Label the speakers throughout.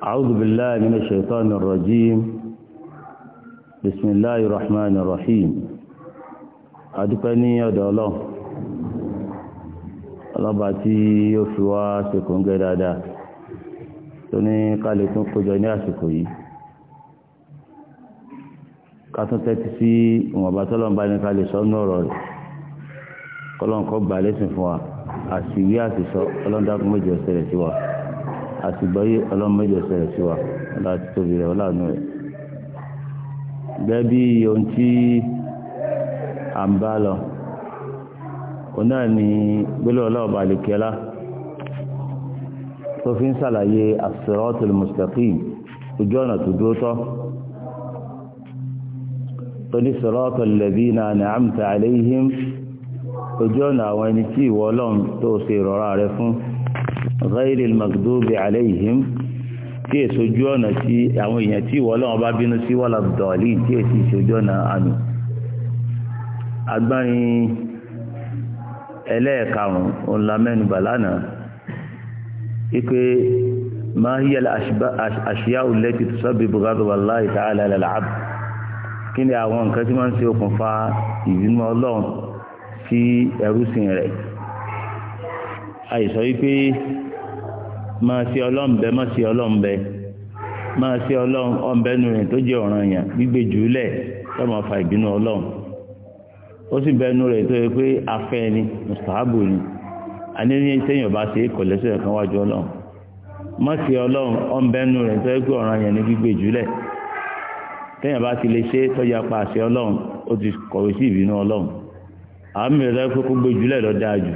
Speaker 1: أعوذ بالله من الشيطان الرجيم بسم الله الرحمن الرحيم أدقني يد الله ọlọ́ba tí ó fi wá ṣekùn ń gẹ́ dáadáa tó ní kálẹ̀ tún kójọ ní àsìkò yìí ká tún tẹ́tí sí ìwọ̀nba tọ́lọ́mba ní kálẹ̀ sọ́nù ọ̀rọ̀ rẹ̀ kọ́lọ́nkọ́ gbà lẹ́sìn fún wa àṣìwí àṣìṣọ́ ọlọ́dàkùn méjì ọ̀sẹ̀ rẹ̀ sí wa àtìgbọ́yé ọlọ́mọdé ọ̀sẹ̀rẹ̀ sí wa ọlá ti tóbi rẹ̀ ọlá àánú rẹ̀. gẹ́gẹ́ bí ohun tí à ń bá lọ òun náà ni gbélé ọlọ́ọ̀bà àlèkẹ́lá tó fi ń ṣàlàyé as-siratul ojú ọ̀nà tó dúró tọ́ tó ní siratal ladina an'amta alayhim ojú ọ̀nà àwọn ẹni tí ìwọ ọlọ́run tó ṣe ìrọ̀rá rẹ fún ghayri al-maghdubi alayhim tí èso ojú ọ̀nà tí àwọn èèyàn tí ìwọ Ọlọ́run bá bínú sí wala ad-dallin tí èsì ìṣojú ọ̀nà àmì agbárin ẹlẹ́ẹ̀karùn-ún ònlá mẹ́nubà lánàá ipe ma hiya al-ashya'u allati tusabbibu ghadaba Allahi ta'ala 'ala al-'abd kí ni àwọn nǹkan tí máa ń ṣe okùnfà ìbínú Ọlọ́run sí ẹrúsìn rẹ̀ àìsọ yìí pé máa ṣe ọlọ́m̀bẹ máa ṣe ọlọ́m̀bẹ máa ṣe ọlọ́m̀bẹ nu rẹ̀ tó jẹ́ ọ̀ràn yàn gbígbé jùlẹ̀ tó máa fa ìbínú ọlọ́run ó sì bẹnu rẹ̀ tó yẹ pé afẹ́ ni mùsàábù ni àníní sẹ́yìn ọba ṣe é kọ̀ lẹ́sẹ̀ kan wájú ọlọ́run má ṣe ọlọ́run ọ̀nbẹ́nu rẹ̀ tó yẹ pé ọ̀ràn yàn ni gbígbé jùlẹ̀ tẹ́yìn bá ti lè ṣe tọ́jà pa àṣẹ ọlọ́run ó ti kọ̀wé sí ìbínú ọlọ́run àwọn mìíràn pé kó gbé jùlẹ̀ lọ dáa jù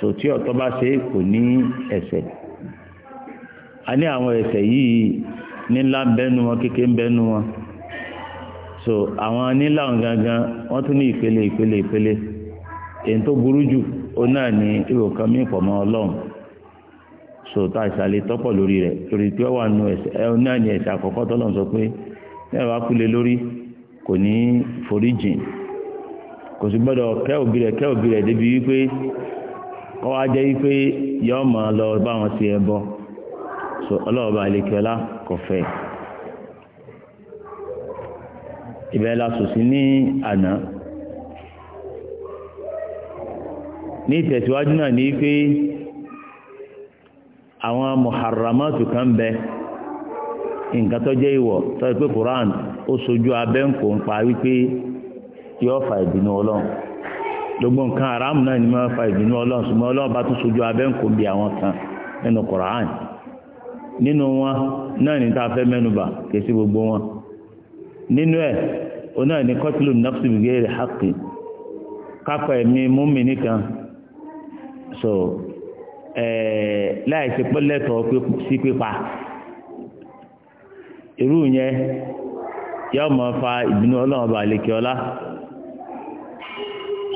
Speaker 1: sòtí ọ̀tọ́ bá ṣe é kò ní ẹ̀ṣẹ̀ a ní àwọn ẹ̀ṣẹ̀ yìí nílá bẹ́nu wọn kéke bẹ́nu wọn so àwọn nílá wọn gangan wọ́n tún ní ìpele ìpele ìpele èyí tó burú jù ó náà ní èrò kan mí pọ̀ mọ́ ọlọ́run so tọ́pọ̀ lórí rẹ̀ torí pé ó wà nù ẹ̀ náà ní ẹ̀ṣẹ̀ àkọ́kọ́ tọ́lọ́run sọ pé mẹ́wàá wá lórí kò ní kò sì gbọ́dọ̀ kẹ́ òbí rẹ̀ kẹ́ òbí rẹ̀ so ọlọ́ọ̀bá àlekẹ́lá kò fẹ́ ibẹ̀ la sùn sí ní àná ní ìtẹ̀síwájú náà ní pé àwọn muharramatu kan bẹ nǹkan tó jẹ́ ìwọ̀ tó yẹ pé Quran ó sojú abẹ́ ń kó ń pa wípé yóò fa ìbínú ọlọ́run gbogbo nǹkan aráàmù náà ni wọ́n fa ìbínú ọlọ́run ṣùgbọ́n ọlọ́run bá tún sojú abẹ́ ń kó bí àwọn kan nínú Quran nínú wọn náà ni tá a fẹ́ mẹ́nubà kèsì gbogbo wọn nínú ẹ̀ o náà ní kọ́tìlù nafsi bigayri haqqi kápẹ́ ẹ̀mí múmi nìkan so láì ṣe pé lẹ́tọ̀ọ́ sí pípa irú yẹn yóò máa fa ìbínú ọlọ́run ọba àlekè ọlá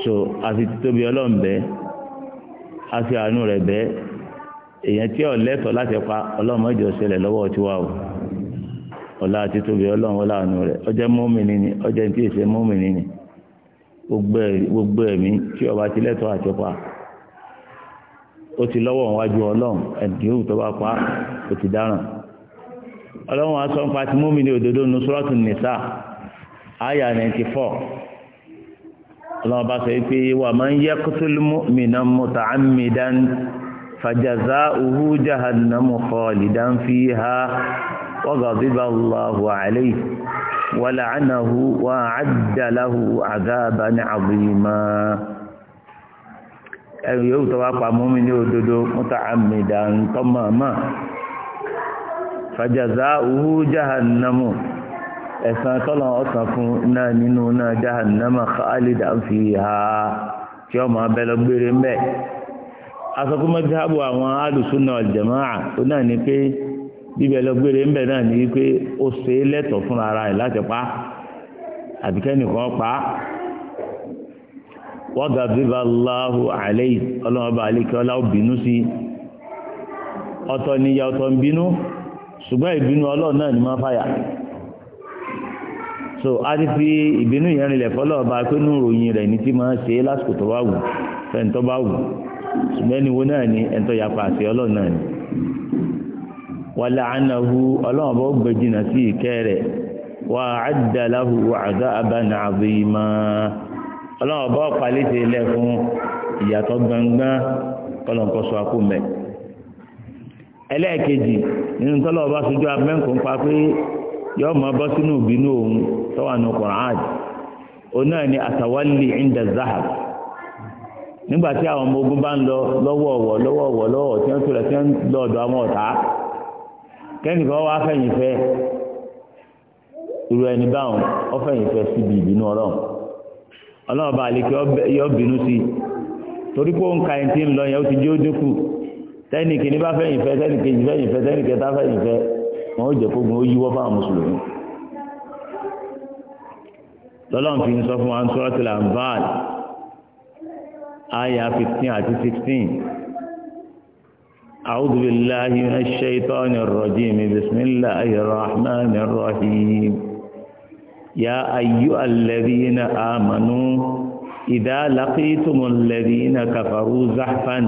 Speaker 1: so àti títóbi ọlọ́run bẹ́ẹ̀ àti àánú rẹ̀ bẹ́ẹ̀ èèyàn tí ò lẹ́tọ̀ọ́ láti pa ọlọ́run ọjọ́ ṣẹlẹ̀ lọ́wọ́ tiwa o ọlá àti tóbi ọlọ́run ọláàánú rẹ̀ ọjọ́ mọ́mìnì ni ọjọ́ tí èsè mọ́mìnì ni gbogbo ẹ̀mí tí ọba ti lẹ́tọ̀ọ́ àti pa ó ti lọ́wọ́ wájú ọlọ́run ẹ̀dínwó tó bá pa ó ti dáràn ọlọ́run aṣọ ń pa ti mọ́mìnì òdodo nu nìsà àyà 94 ọlọ́run bá sọ pé wà máa ń yẹ kótólùmọ́ mìíràn mọ́tà àmì dáńtì. فجزاؤه جهنم خالدا فيها وغضب الله عليه ولعنه وأعد له عذابا عظيما ẹ̀rù yóò tọ́wá pa mọ́mí ní òdodo mútàmìdà ń tọ́mọ̀ mọ́ fàjàzá òhú jahannamu ẹ̀sàn tọ́lọ̀ ọ̀sán fún náà nínú náà jahannama khalida fiha tí ọmọ abẹ́lọ́gbére mẹ́ẹ̀ asọ́kú mọ́tíhábù àwọn alùsùnà ọ̀jẹ̀máà ó náà ní pé bíbẹ̀ lọ gbére ńbẹ̀ náà ní pé ó ṣe é lẹ́tọ̀ọ́ fún ara rẹ̀ láti pa àbíkẹ́nìkan pa wọ́gà bíbá láhù àlẹ́yìn ọlọ́mọba àlékẹ́ ọlá ó bínú sí i ọ̀tọ̀ níyà ọ̀tọ̀ ń bínú ṣùgbọ́n ìbínú ọlọ́run náà ni máa fàyà so a ti fi ìbínú yẹn rinlẹ̀ fọlọ́ọ̀ba pé nù ròyìn rẹ̀ ní ti máa ṣe é lásìkò tó bá wù fẹ́ni bá wù ṣùgbọ́n ẹni wo náà ni ẹni tó yapa àti ọlọ́run náà ni wàlá ànáhu ọlọ́run bó gbẹ̀jìnà sí ìkẹ́ rẹ̀ wà á dàláhu àdá abáná àbímá ọlọ́run bó palẹ́tẹ̀ lẹ́fún ìyàtọ̀ gbangban ọlọ́run kọ́ sọ akó mẹ́ ẹlẹ́ẹ̀kejì nínú tọ́lọ́ bá sojú abẹ́ǹkó ń pa pé yọ ọmọ bọ́ sínú ìbínú òun tọ́wọ́ àná kọ̀ọ̀án òun náà ni àtàwálì ìndà záhàbù nígbà tí àwọn ọmọ ogun bá ń lọ lọ́wọ́ ọ̀wọ́ lọ́wọ́ ọ̀wọ́ lọ́wọ́ tí wọ́n tura tí wọ́n lọ ọ̀dọ̀ àwọn ọ̀tá kẹ́nìkan wá fẹ̀yìn fẹ́ irú ẹni báwọn ọ fẹ̀yìn fẹ́ síbi ìbínú ọlọ́run ọlọ́run bá lè kí yọ bínú sí i torí pé òǹkà ẹni tí ń lọ yẹn ó ti jẹ́ ó dínkù tẹ́nìkì ní bá fẹ̀yìn fẹ́ tẹ́nìkì ní fẹ̀yìn fẹ́ tẹ́nìkì tá fẹ̀yìn fẹ́ wọn ó jẹ́ kógun ó yíwọ́ fáwọn mùsùlùmí lọ́lọ́run fi ń sọ fún wa ń sọ́rọ́ aya fifteen àti sixteen. أعوذ بالله من الشيطان الرجيم بسم الله الرحمن الرحيم يا أيها الذين آمنوا إذا لقيتم الذين كفروا زحفا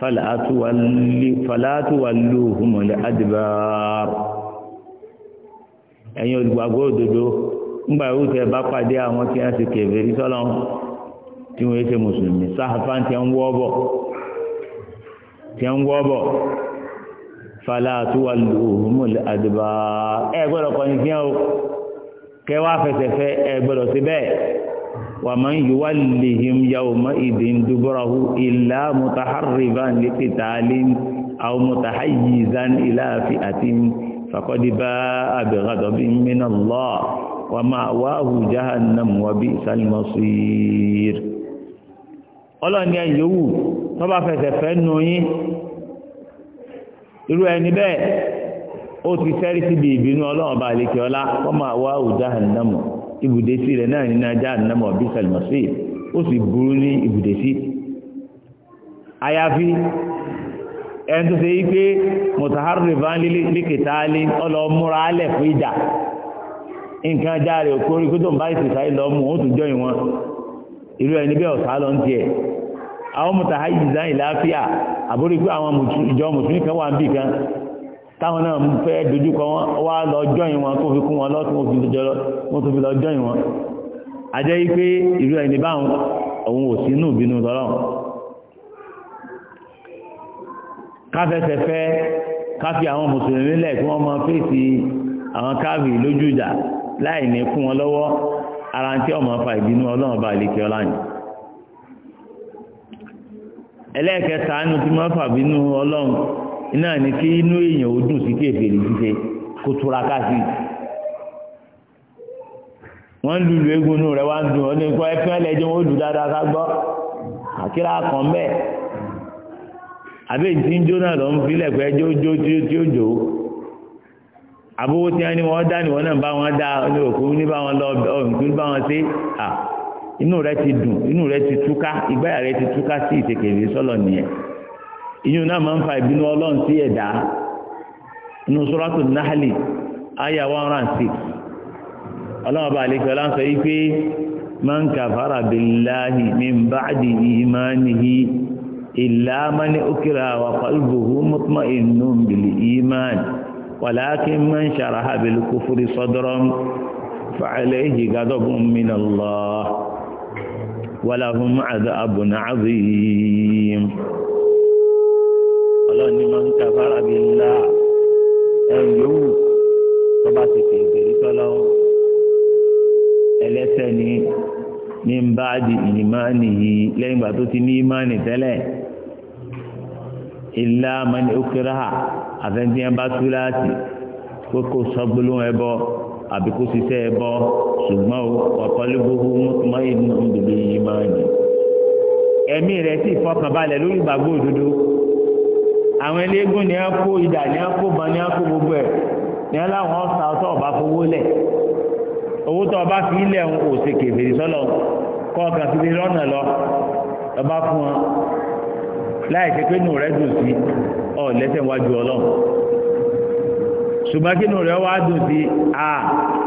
Speaker 1: فلا, تولي فلا تولوهم الأدبار ẹ̀yin olùgbàgbọ́ òdodo ńgbà ìwúsẹ̀ bá pàdé àwọn tí wọ́n ti kèfèrí sọ́lọ́run tí wọ́n ṣe mùsùlùmí sáhàfà tí ń wọ́ bọ̀ tí ń wọ́ bọ̀ fàlà àtúwà lòhùnmù àdìbà ẹ gbọ́dọ̀ kọ́ni fi hàn o kẹwàá fẹsẹ̀fẹ́ ẹ gbọ́dọ̀ sí bẹ́ẹ̀ wà máa ń yíwá lèhìm yàwó mọ́ ìdè ń dúbọ́rahu ìlà mùtàhárìbán létí tààlí àwọn mùtàháyìzán ìlàáfi àti fàkọ́dìbá àbẹ̀rẹ̀dọ̀ bí mìíràn ọlọ́ni ẹ yòówù tó bá fẹsẹ̀ fẹ́ nu yín irú ẹni bẹ́ẹ̀ ó ti sẹ́rí síbi ìbínú ọlọ́run bá lè kí ọlá kọ́mọ àwa òjá ànámọ̀ ibùdésí rẹ̀ náà nínú ajá ànámọ̀ bí sàlùmọ̀sí ó sì burú ní ibùdésí. àyàfi ẹni tó ṣe yí pé mùtàhárù bá ń líkìtà lé ọlọ́ múra alẹ̀ fún ìjà nǹkan ajá rẹ̀ òkú irú ẹni bẹ́ẹ̀ ọ̀sá lọ ń tiẹ̀ àwọn mutahayizan ìláfíà àbórí pé àwọn ìjọ mùsùlùmí kan wà ń bì kan táwọn náà fẹ́ dojúkọ wọn wá lọ jọyìn wọn kó fi kún wọn lọ́tún wọn tó fi lọ jọyìn wọn ajẹ́ yí pé irú ẹni báwọn òun ò sínú ìbínú lọ́lọ́run káfẹ́sẹ̀fẹ́ káfí àwọn mùsùlùmí lẹ̀ kí wọ́n mọ fèsì àwọn káàbì lójú ìjà láì ní kún wọn lọ́wọ́ ara tí ọmọ fa ìbínú ọlọ́run bá ìlékè ọlá ni ẹlẹ́ẹ̀kẹta inú tí wọ́n fà bínú ọlọ́run iná ni kí inú èèyàn ó dùn sí kó túra wọ́n ń rẹ̀ wá ń dùn ọ́ ní ó lù dáadáa ká gbọ́ àbówó tí wọ́n ní wọ́n dá ní wọ́n náà bá wọn dá ní òkú ní bá wọn lọ òǹkú ní bá wọn sí à inú rẹ ti dùn inú rẹ ti túká ìgbáyà rẹ ti túká sí ìtẹ̀kẹ̀rẹ̀ sọ́lọ̀ nìyẹn ìyún náà máa ń fa ìbínú ọlọ́run sí ẹ̀dá inú suratul nahli aya one hundred and six ọlọ́run bá àlejò ọlọ́run sọ yìí pé man kafara billahi min ba'di imanihi illa man ukira wa qalbuhu mutma'innun bil iman walakin man sharaha bil kufri sadran fa alayhi ghadabun min Allah wa lahum adhabun adhim ọlọ́ni máa ń kafara billah ẹ̀yọ́wù tó bá ti tẹ̀gbẹ̀ ìtọ́lọ́ ẹlẹ́sẹ̀ ni ní bá di ìmáànì yìí lẹ́yìn ìgbà tó ti ní ìmáànì tẹ́lẹ̀ ilá mani okiraha àfẹnfẹn bá tú láti pé kó sọgbólóhùn ẹbọ àbí kó ṣiṣẹ́ ẹbọ ṣùgbọ́n ọkọlẹgbọhù mọyì nùdùbí yìí máa nì. ẹ̀mí rẹ̀ sì fọkànbalẹ̀ lórí ìgbàgbọ́ òdodo àwọn eléégún ni wọ́n kó idà ni wọ́n kó bọn ni wọ́n kó gbogbo ẹ̀ ni wọ́n láwọn ọsàn ọtọ ọba fowó lẹ owó tó ọba fi ilẹ̀ ń òsèké fèrè sọlọ kọ́ ọkàn fi lọ́nà lọ ọba fún wọn. láì pé nù si dùn sí ọ lẹ́sẹ̀ ọlọ́run ṣùgbọ́n kí nù wá dùn a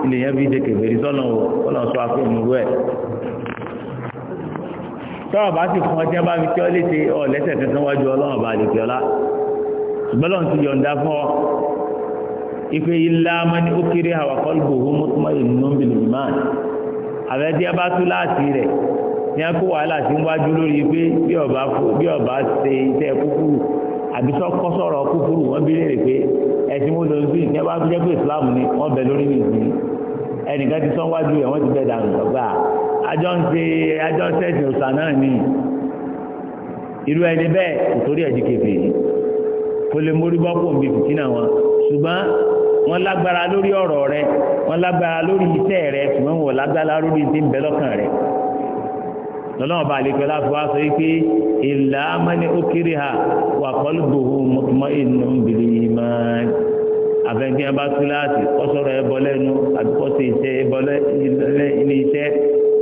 Speaker 1: ilé yẹn fi dèkè bèrè sọ́nà o ọlọ́run sọ afẹ́ ìmúrú ẹ̀ tọ́ọ̀ bá sì fún ọtí bá fi kí ọ léṣe ọ lẹ́sẹ̀ kankan wájú ọlọ́run bá lè ọlá ṣùgbọ́n ti yọ̀ǹda fún ọ ife ó kéré mọ́tò ní a kó wàhálà sí wájú lórí pé bí ọba bí ọba ṣe iṣẹ́ kúkúrú àbí sọ́kọ́ sọ̀rọ̀ kúkúrú wọ́n bí léèrè pé ẹ̀sìn wọn lọ sí ìṣẹ́ bá jẹ́ pé Islam ni wọ́n bẹ lórí nìyí ẹnìkan ti sọ wájú ẹ̀ wọ́n ti bẹ̀ dànù lọ́gbà àjọ ń ṣe àjọ sẹ́sìn òsà náà ni irú ẹni bẹ́ẹ̀ ìtorí ẹ̀dí kẹfẹ́ kò lè mórí bọ́pọ̀ òbí fìtínà wọn ṣùgbọ́n wọ́n lágbára lórí ọ̀rọ̀ rẹ wọ́n lágbára lórí iṣẹ́ rẹ ṣùgbọ́n wọ́n lágbára lórí ti ń bẹ lọ́kàn rẹ̀ lọ́nà ọba àlekẹ́ láti wá sọ pé ìlà amẹ́ni ha wà kọ́lùbùhù mọ́ inú bìrì mọ́ àfẹnjẹ́ bá kíláàsì kọ́sọ́rọ̀ ẹbọ lẹ́nu àbíkọ́sẹ̀ iṣẹ́ ẹbọ ilé iṣẹ́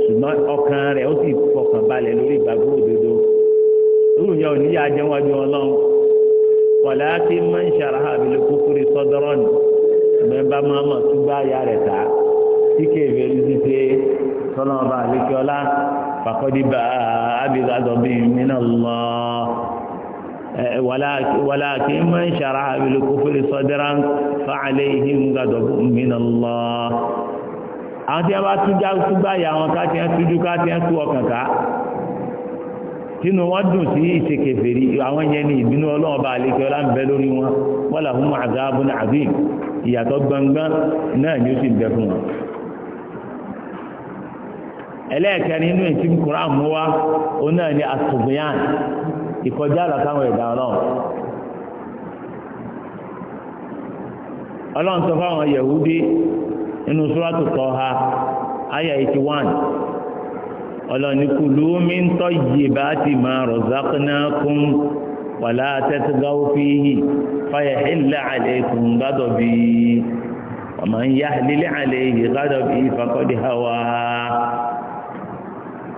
Speaker 1: ṣùgbọ́n ọkàn rẹ̀ ó sì fọkàn balẹ̀ lórí ìgbàgbọ́ òdodo ní yà jẹun ọlọ́run ń ẹ̀mẹ́ bá máa mọ̀ rẹ̀ tí kèfé ti ṣe tọ́lọ́mọba àlékiọ́lá fàkọ́dìbà abidazọ́bí nínú lọ wàláàkì mọ́ ń ṣàrá àbílùkú fèrè sọ́dẹ́rà fàálẹ́ ìhìn gàdọ̀bù nínú lọ àwọn tí wọ́n bá tún jágbáyà wọn ká tí wọ́n tújú ká tí wọ́n tú ọkàn ká tínú wọn dùn sí ìṣekèfèrí àwọn yẹn ní ìbínú ọlọ́run bá àlejò ń bẹ lórí wọn wọ́n làwọn mọ̀ àgáàbọ̀n àbí ìyàtọ̀ gbangban náà ni ó sì bẹ fún wọn ẹlẹ́ẹ̀kẹrin inú ètí kura mú wa òun náà ni asubiyan ìkọjá àlàkáwọn ẹ̀dá ọlọ́run ọlọ́run sọ fáwọn yahudi nínú sùràtù Tọ́ha àyà eighty one ọlọ́ni kulu min tayyibati ma razaqnakum wala tatghaw fihi fayahilla alaykum ghadabi wa man yahlil alayhi ghadabi faqad hawa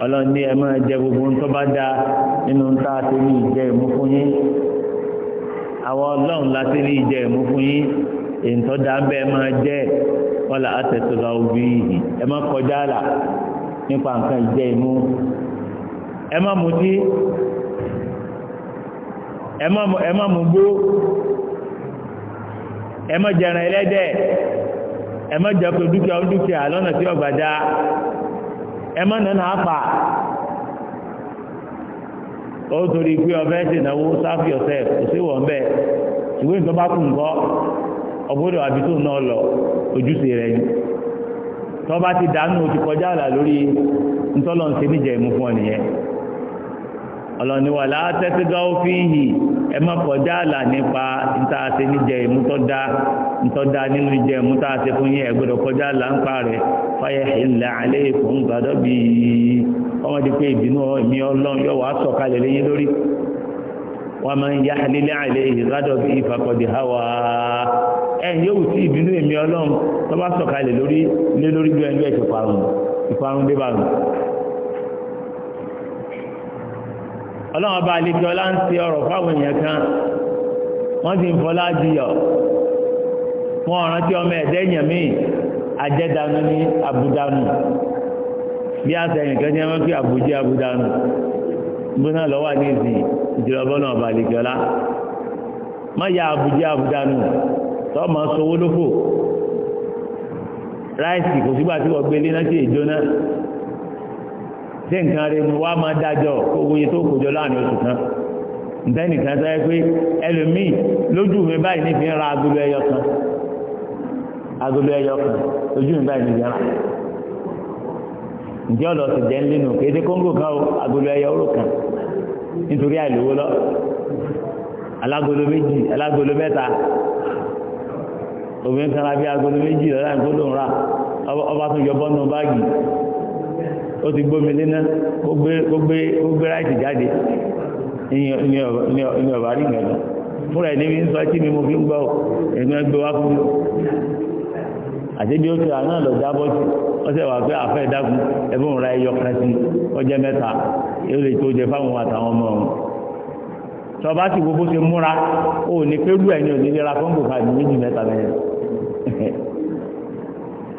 Speaker 1: ọlọ́run ní ẹ máa jẹ gbogbo tó bá dáa nínú tá a ti rí ìjẹ ìmú fún yín àwọn ọlọ́run la ti rí ìjẹ ìmú fún yín èyí tó dáa bẹ́ẹ̀ máa jẹ́ wọ́lá àtẹ̀tọ̀lá òbí yìí ẹ kọjá là nípa nǹkan ìjẹ ìmú ẹ má mutí ẹ má mugbó ẹ jẹran ẹlẹ́dẹ̀ ẹ jẹ́ pé dúkìá dúkìá lọ́nà tí ọ̀gbà ẹmọ́ nínú apá o torí pé ọbẹ̀ ṣe ìnáwó sáfì ọ̀sẹ̀ kò sí wọ̀n bẹ́ẹ̀ ṣùgbọ́n obodo bá kù ńkọ́ ọgbọ́dọ̀ àbí tó náà lọ ojúṣe rẹ̀ ni tọ́ bá ti dànù ó kọjá àlà lórí ọlọ́niwà látẹ́sígá òfìhì ẹ má kọjá àlà nípa ntaase níjẹ ìmú tọ́da nínú ìjẹ ìmú fún yín ẹ kọjá àlà ń pa rẹ̀ fáyẹ̀ ìlà alẹ́ fún gbàdọ́ bí ọmọ di pé ìbínú ọlọ́run ọba àlejò ọlá ń ti ọ̀rọ̀ fáwọn èèyàn kan wọ́n ti ń fọlá jiyọ̀ wọn ò rántí ọmọ ẹ̀dẹ́ èèyàn míì ajẹ́danu ní abudanu bí àtẹ̀yìn kan ní ẹ̀mọ́ pé àbújẹ́ abudanu gbóná lọ́wọ́ ní ìsìn ìjìnlọ́bọ́ náà ọba àlejò ọlá má yà àbújẹ́ abudanu tọ́mọ sowó lóko ráìsì kò sígbà tí wọ́n gbé náà sí ìjóná tí nǹkan rẹ ni wá máa dájọ́ owó tó kòjọ láàrin oṣù kan ǹtẹ́nì kan sọ pé ẹlòmíì lójú mi báyìí nífi ń ra agolo ẹyọ kan agolo ẹyọ kan lójú mi báyìí nífi ń ra ǹjẹ́ ọ̀dọ̀ sì jẹ́ ńlẹ́nu kéde kóńgò kan o agolo ẹyọ oró kan nítorí àìlówó lọ alágolo méjì alágolo mẹ́ta obìnrin kan ra bí agolo méjì ra ọba yọ bọ́nu báàgì ó ti gbómi léná ó gbé láìsí jáde ní ọ̀bá rí ìgbàgbọ́ fúnra ẹni mi ń sọ tí mi mo fi ń gbọ́ ẹ̀gbẹ́ gbé wá fún mi
Speaker 2: àtẹ́bí ó ti àná lọ jábọ́ sí ọ̀sẹ̀ wà pé àfẹ́ ìdákun
Speaker 1: ẹ̀fọ́n ra ẹyọ kan sí ọjẹ́ mẹ́ta yóò lè tó jẹ fáwọn àtàwọn ọmọ ọ̀hún tọba ti gbogbo ṣe múra ó ní pẹ́lú ẹ̀yìn ò ní lera fọ́nbù fàájì méjì mẹ́ta mẹ́rin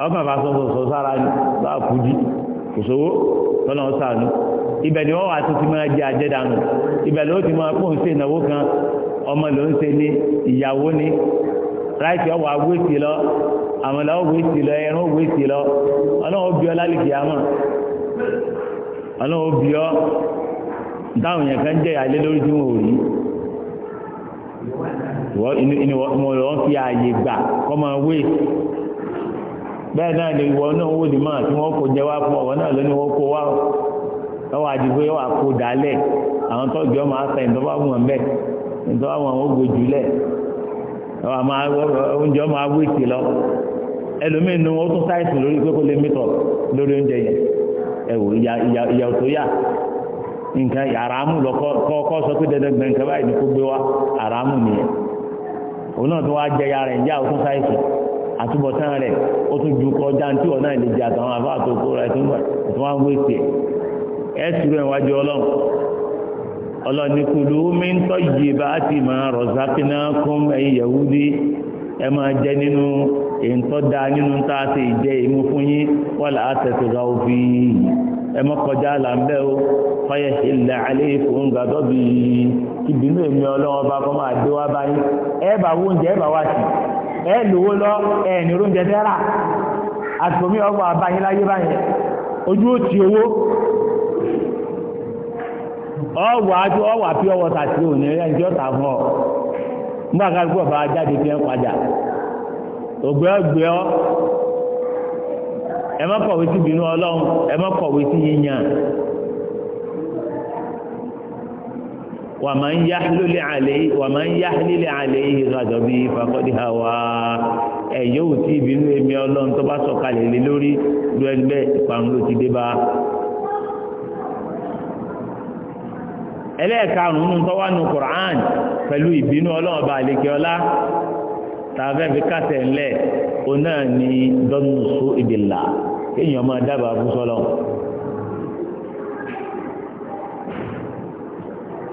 Speaker 1: ọkàn bá sọ sọ sára ní bá kú jí kò sówó tọ́lá ń sàánú ibẹ̀ ni wọ́n wà tó ti máa jẹ àjẹdànù ibẹ̀ ló ti máa kó ń ṣe ìnáwó kan ọmọ ló ń ṣe ní ìyàwó ní ráìtì ọwọ́ agbésì lọ àmàlà ọgbésì lọ ẹran ọgbésì lọ ọlọ́wọ́ bí ọ lálìkì àmọ́ ọlọ́wọ́ bí ọ
Speaker 2: dáhùn yẹn kan jẹ́
Speaker 1: ìyàlé lórí tí wọ́n rí ìwọ inú wọn fi ààyè gbà kọ́ máa wéèsì bẹ́ẹ̀ náà lè wọ náà wò ní máa tí wọ́n kó jẹ wá fún ọ̀wọ́ náà lóní wọ́n kó wá lọ́wọ́ àdìgbò yóò wá kó dálẹ̀ àwọn tọ́jú ọmọ àṣà ìdọ́wà wọn ìdọ́wà wọn ó gbójú lẹ̀ oúnjẹ ọmọ lọ ẹlòmíín tún sáìsì lórí pé kó lè mítọ̀ lórí oúnjẹ yẹn ẹ̀wò ìyà lọ kọ́ sọ pé dandan gbẹ̀ǹkan báyìí ni kó gbé wá nìyẹn òun náà wá àtúbọ̀tán rẹ̀ ó tún ju kọjá tí ọ̀nà ìlejì àtàwọn àbá àtòkó rẹ̀ tó wá ń wéṣẹ̀ ẹ̀ sùúrù ẹ̀wájú ọlọ́run ọlọ́run ní kulu min tayyibati ma razaqnakum ẹ̀yin Yahudi ẹ máa jẹ nínú èyí tó nínú tá a ti jẹ ìmú fún yín wala tatghaw fi ẹ má kọjá là ń bẹ́ o fọyẹ ilẹ̀ alẹ́ ìfòun gàdọ́ ìbínú èmi ọlọ́run ọba kọ́ máa dé wá báyìí ẹ bá wóúnjẹ ẹ bá wá sí i. ẹ lówó lọ ẹ ní oúnjẹ tẹ́rà àtìkòmí ọgbà àbáyé láyé báyẹn ojú ó ti owó ọwà tí ọwà pí ọwọ́ ta òní ẹni tí ó ta gbọ́ bá jáde fi ẹ padà ògbé ọgbé ọ sí ìbínú ọlọ́run sí yíyan ومن يحلل عليه ومن يحلل عليه غضبي فقد هوى ẹ̀yẹ́ ò tí ìbínú èmi ọlọ́run tó bá sọ̀kalẹ̀ lé lórí lu ẹgbẹ́ ìparun ló ti dé bá. ẹlẹ́ẹ̀karùn-ún tó wà nù Qur'an pẹ̀lú ìbínú ọlọ́run bá àlekè ọlá tàbẹ́ fi kásẹ̀ ńlẹ̀ òun náà ni dọ́nù só ìdìlà kéèyàn máa dábàá fún sọ́lọ́run.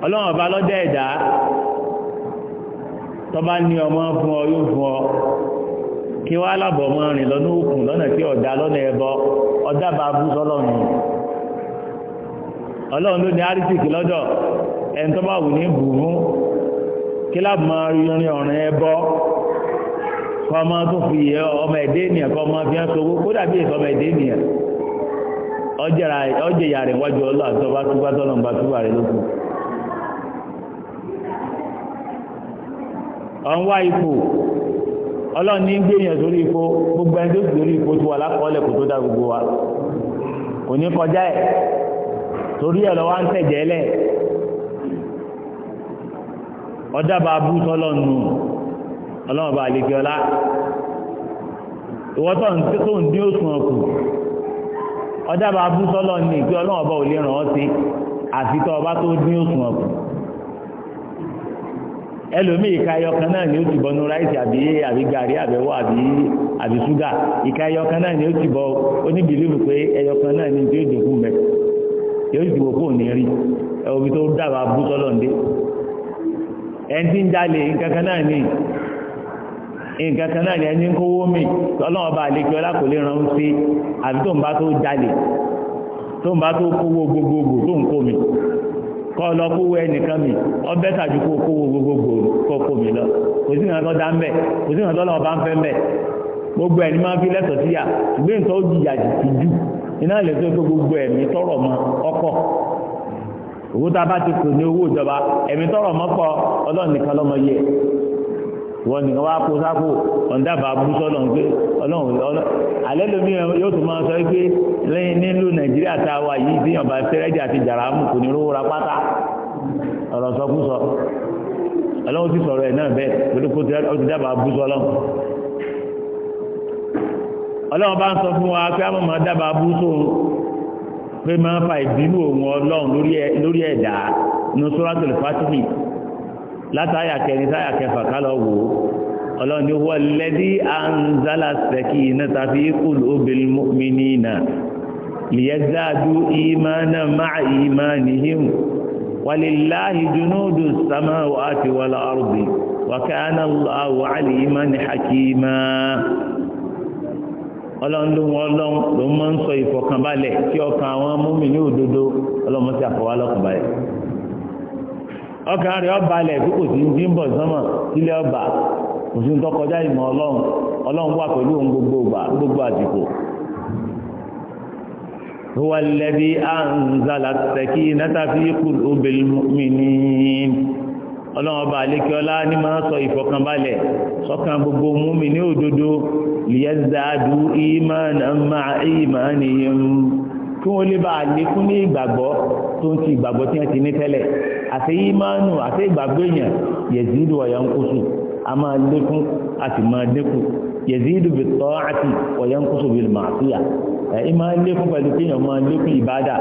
Speaker 1: ọlọ́run ọba lọ́dẹ ẹ̀dá tọ́ba ní ọmọ fún ọ yóò fún ọ kí wá lábọ̀ mọ́ rìn lọ́nà òkun lọ́nà tí ọ̀dá lọ́nà ẹbọ ọ̀dá bá bú sọ́lọ́run ní tó wù ní ọmọ ẹ̀dẹ́ ènìyàn fi ń kó dàbí ọmọ ẹ̀dẹ́ ènìyàn ọjẹ́ rẹ̀ wájú ọlọ́ àti ọba ọ̀nwá ipò ọlọ́run ní gbéyàn sórí ipò gbogbo ẹni tó sì lórí ipò ti wà lákọọ́lẹ̀ kò tó dá gbogbo wa kò ní kọjá ẹ̀ torí ẹ̀ lọ́wọ́ ń tẹ̀jẹ́ lẹ̀ ọjà bá bú sọ́lọ́nù ọlọ́run bá lè gẹ́ọ́lá ìwọ́tọ̀ tó ń dín òsùn ọkù ọjà bá bú sọ́lọ́nù ìpé ọlọ́run bá ò lè ràn ọ́ sí àfikọ́ ọba tó dín òsùn ọkù ẹlòmí ìka ẹyọkan náà ni ó ti bọnu ráìsì àbí àbí gàrí àbẹ̀wò àbí ṣúgà ìka ẹyọkan náà ni ó ti bọ oníbìlíwù pé ẹyọkan náà ni tí ó dòkú mẹ yóò ti wò kó ní rí tó dábàá bú sọ́lọ̀ ń dé ẹni tí ń jalè náà ni náà kọ́ lọ kówó ẹnìkan mi ọbẹ̀ tàbí kó kówó gbogbogbò kọ́kọ́ mi lọ kò sí ìrántí ọ̀dá ń bẹ̀ kò sí ìrántí ọlọ́ọ̀bá ń fẹ́ ń bẹ̀ gbogbo ẹni máa ń fi lẹ́tọ̀ọ́ sí yà ìgbé nǹkan ó jìyà jì jù iná lè tó tó gbogbo ẹ̀mí tọrọ mọ ọkọ owó tá a bá ti kù ní owó ìjọba ẹ̀mí tọrọ mọ́kọ ọlọ́ọ̀nìkan lọ́mọ yẹ wọ́n nìkan wá kó sápò ọ̀ndàbà búsọ́ lọ́n pé ọlọ́run alẹ́ lómi yóò tún máa sọ pé lẹ́yìn nílùú nàìjíríà tá a wà yìí tí yọ̀nba sẹ́rẹ́jì àti jàràmù kò ní rówó ra pátá ọ̀rọ̀ sọkúsọ ọlọ́run ti sọ̀rọ̀ ẹ̀ náà bẹ́ẹ̀ pẹ̀lú kó ti dábàá búsọ́ lọ́n ọlọ́run bá ń sọ fún wa pé àwọn máa dábàá búsọ́ pé máa fa ìbínú òun ọlọ́run lórí ẹ̀dá nusratul fatihi látàyà kẹrin táyà kẹfà kálọ̀ wò ó ọlọ́run ni huwa alladhi anzala sakinata fi qulubil mu'minina liyazdadu imanan ma'a imanihim walillahi junudu samawati wal ardi wa kana Allahu aliman hakima ọlọ́run ló wọn ọlọ́run ló máa ń sọ ìfọ̀kànbalẹ̀ tí ọkàn àwọn mùmínì òdodo ọlọ́run ti àfọwálọ́kànbalẹ̀ ọkàn rẹ̀ ọba alẹ̀ tí kò sí ní bọ̀ sánmà sílẹ̀ ọba kò sí tó kọjá ìmọ̀ ọlọ́run ọlọ́run wà pẹ̀lú òun gbogbo ìgbà gbogbo àsìkò. huwa alladhi anzala as-sakinata fi qulubil mu'minin ọlọ́run ọba àlékiọlá ní máa sọ ìfọkànbalẹ̀ sọ́kàn gbogbo mùmínì òdodo liyazdadu imanan ma'a imanihim kí wọ́n lè bá àlékún ní ìgbàgbọ́ tó ń ti ìgbàgbọ́ tí wọ́n ti ní tẹ́lẹ̀. àti ìmánu àti ìgbàgbé yẹn yẹ̀zídù ọ̀yàn kúsù a máa lékún àti máa dínkù yẹ̀zídù bí àti ọ̀yàn kúsù màáfíà ẹ̀ máa lékún pẹ̀lú kéèyàn máa lékún ìbádà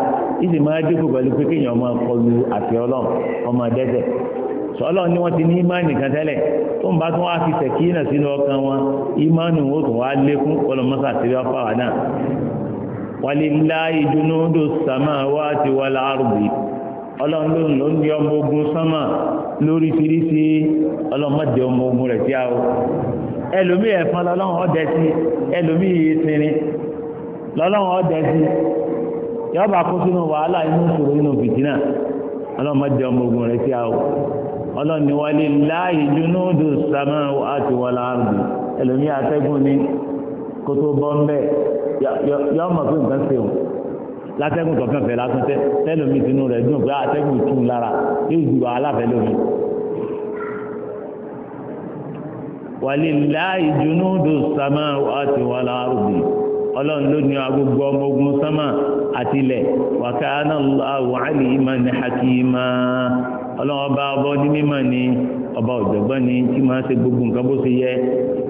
Speaker 1: ìsì máa dínkù pẹ̀lú pé máa kọlu àti ọlọ́run ọmọ dẹ́sẹ̀ sọlọ ni wọn ti ní ìmáànì kan tẹ́lẹ̀ tó ń bá tún wá fi tẹkínà sínú ọkàn wọn tún wá lékún ọlọ́run ló ń di ọmọ ogun sánmà lórí fìrísí ọlọ́mọdé ọmọ ogun rẹ̀ tí a ó ẹlòmí ẹ̀fọn lọ́lọ́run ọdẹ sí ẹlòmí ìsinrin lọ́lọ́run ọdẹ sí yọba kó sínú wàhálà inú ìṣòro inú fìtínà ọlọ́mọdé ọmọ ogun rẹ̀ tí a ó ọlọ́run ni wálé láàyè junúdù sánmà àti wọlá àrùn ẹlòmí atẹ́gùn ni kótó bọ́ńbẹ́ yọ ọmọ pé nǹkan ṣe òun látẹ́gùn tọ̀kàn fẹ́ lásán tẹ́ tẹ́lómi tinú rẹ̀ dùn pé àtẹ́gùn tù ú lára yóò ju aláfẹ́ lómi. walillahi junudu samawati wal ardi ọlọ́run ló ní agbogbo ọmọ ogun sánmà àti ilẹ̀ wa kana Allahu aliman hakima ọlọ́run ọba ọba ọdún mímọ̀ ni ọba ọ̀jọ̀gbọ́n ni tí máa ṣe gbogbo nǹkan bó ṣe yẹ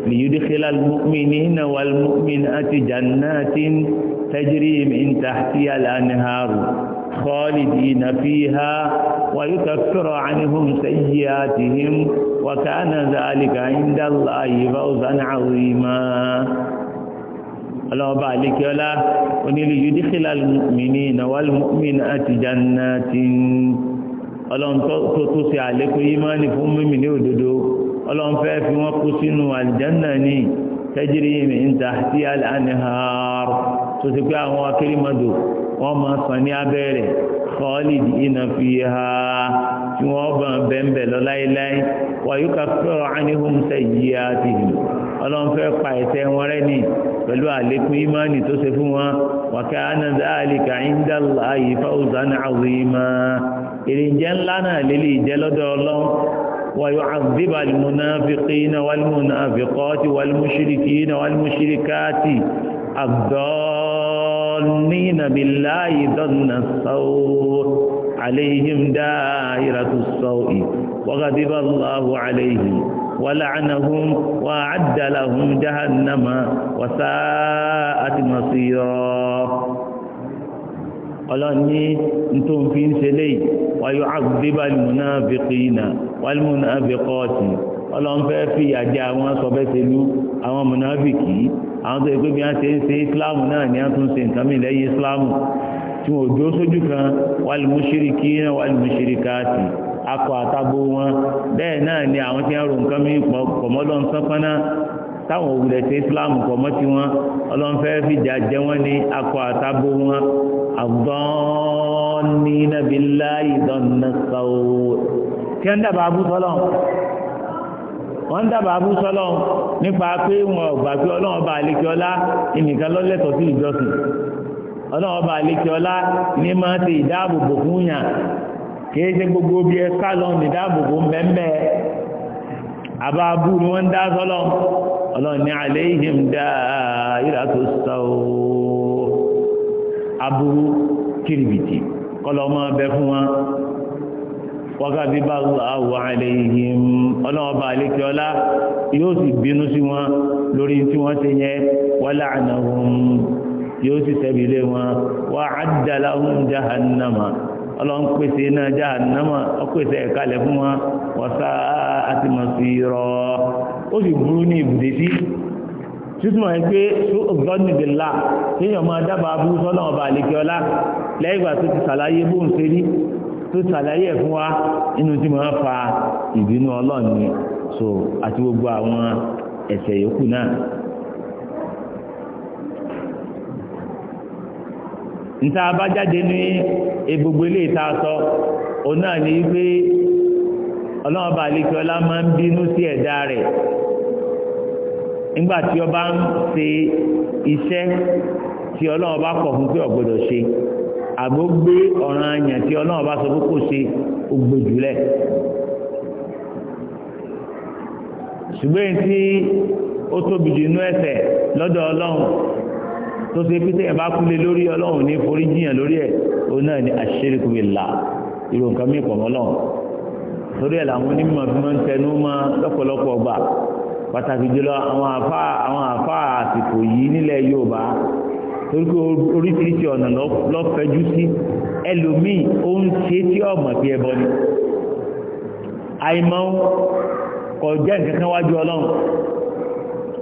Speaker 1: liyudkhilal mu'minina wal mu'minati jannatin. تجري من تحتها الأنهار خالدين فيها ويكفر عنهم سيئاتهم وكان ذلك عند الله فوزا عظيما الله بارك ولا يدخل المؤمنين والمؤمنات جنات الله tó tó ṣe àlékún من fún mímì ní òdodo ọlọ́run fẹ́ fi wọ́n kú sínú tó ti pé àwọn akérèmọdò wọn máa sàn ní abẹ́rẹ́ khalid iná fi ha tí wọn bá bẹ́ẹ̀nbẹ́ẹ̀ lọ láéláé wàyúkà fẹ́ràn ánihùn sẹ́yìí àtìhìn ọlọ́run fẹ́ pa ẹ̀ṣẹ̀ wọn rẹ́ ni pẹ̀lú àlékún ìmánì tó ṣe fún wọn wàkà ánàdá àlìkà ìndàlá yìí fáwùzán àwìmá èrìjẹ ńlá náà lélẹ̀ ìjẹ́ lọ́dọ̀ ọlọ́run wàyọ̀ àzíbà lùmùnáfíkì iná wàlùmùnáfíkọ́ ti wàlùmùsírìkì iná wàlùmùsírìkà ti àgbọ́ọ́ الظالمين بالله ظن السوء عليهم دائرة السوء وغضب الله عليهم ولعنهم وأعد لهم جهنم وساءت مصيرا ọlọ́ni tó ń fi ń ṣe léyìí wáyé àgbébàlì múnáfíkì náà wálé múnáfíkọ́ọ̀tì ọlọ́run fẹ́ fi àjẹ àwọn sọ̀bẹ́sẹ̀lú àwọn mùnàfìkì àwọn tó yẹ pé bí wọ́n ṣe ń ṣe ìsìláàmù náà ni wọ́n tún ṣe nǹkan mìíràn lẹ́yìn ìsìláàmù tí wọ́n dúró sójú kan wàlú mùsírìkì náà wàlú mùsírìkàtì akọ àtàbò wọn bẹ́ẹ̀ náà ni àwọn tí wọ́n ro nǹkan mìíràn pọ̀mọ́lọ́ táwọn òwúrẹ̀ ṣe islam kọ̀ mọ́ tí ọlọ́nfẹ́ fìjà jẹ wọ́n ní akọ àtàbò wọn àgbọ́n ní nàbí láì dọ̀nà wọ́n dábàá bú sọ́lọ́ wọ́n dábàá bú sọ́lọ́run nípa pé wọn gbà pé ọlọ́run bá àlékè ọlá ìnìkan lọ́lẹ́tọ̀ọ́ sí ìjọsìn ọlọ́run bá àlékè ọlá ní máa ṣe ìdáàbòbò fún yàn kìí ṣe gbogbo bí ẹ ká ní ìdáàbòbò mẹ́mẹ́ àbábú ni wọ́n dá sọ́lọ́run ọlọ́run ní alayhim da'iratu sawu aburú kìrìbìtì kọlọ́ máa bẹ fún wọn wákàtí bá àwọn àlẹ́yìn ọlọ́wọ́ bá àlékè ọlá yóò sì bínú sí wọn lórí tí wọ́n ti yẹ wálá ànàhùn yóò sì tẹ̀bi lé wọn wá àdàláhùn jahannama ọlọ́run pèsè náà jahannama ọpèsè ẹ̀kalẹ̀ fún wọn wọ́sá àti màsírọ̀ ó tó ṣàlàyé ẹ̀ fún wa nínú tí máa fa ìbínú ọlọ́run so àti gbogbo àwọn ẹ̀sẹ̀ yòókù náà. nta abájáde ní egbogbo ilé ìta sọ òun náà ní wípé ọlọ́run bá àlekí ọlá máa ń bínú sí ẹ̀dá rẹ̀ nígbà tí ọba ń ṣe iṣẹ́ tí ọlọ́run bá kọ̀ fún pé ó ṣe. àbó gbé ọ̀ràn àyàn tí ọlọ́run bá sọ pé kò ṣe ògbè jùlẹ̀ ṣùgbọ́n èyí tí ó tóbi jù inú ẹ̀ṣẹ̀ lọ́dọ̀ ọlọ́run tó ṣe pété ẹ̀ bá kúlé lórí ọlọ́run ní forí jiyàn lórí ẹ̀ òun náà ni àṣírìkù billah irú nǹkan mí pọ̀ mọ́lọ́run torí ẹ̀ làwọn onímọ̀ fi máa ń tẹnu mọ́ lọ́pọ̀lọpọ̀ ọgbà pàtàkì jùlọ àwọn àfáà àsìkò yìí nílẹ̀ Yorùbá torí oríṣiríṣi ọ̀nà lọ́fẹ́jú sí ẹlòmíì ó ń ṣe tí ọmọ bí ẹbọ ni àìmọ́ kò jẹ́ nǹkan kan wájú ọlọ́run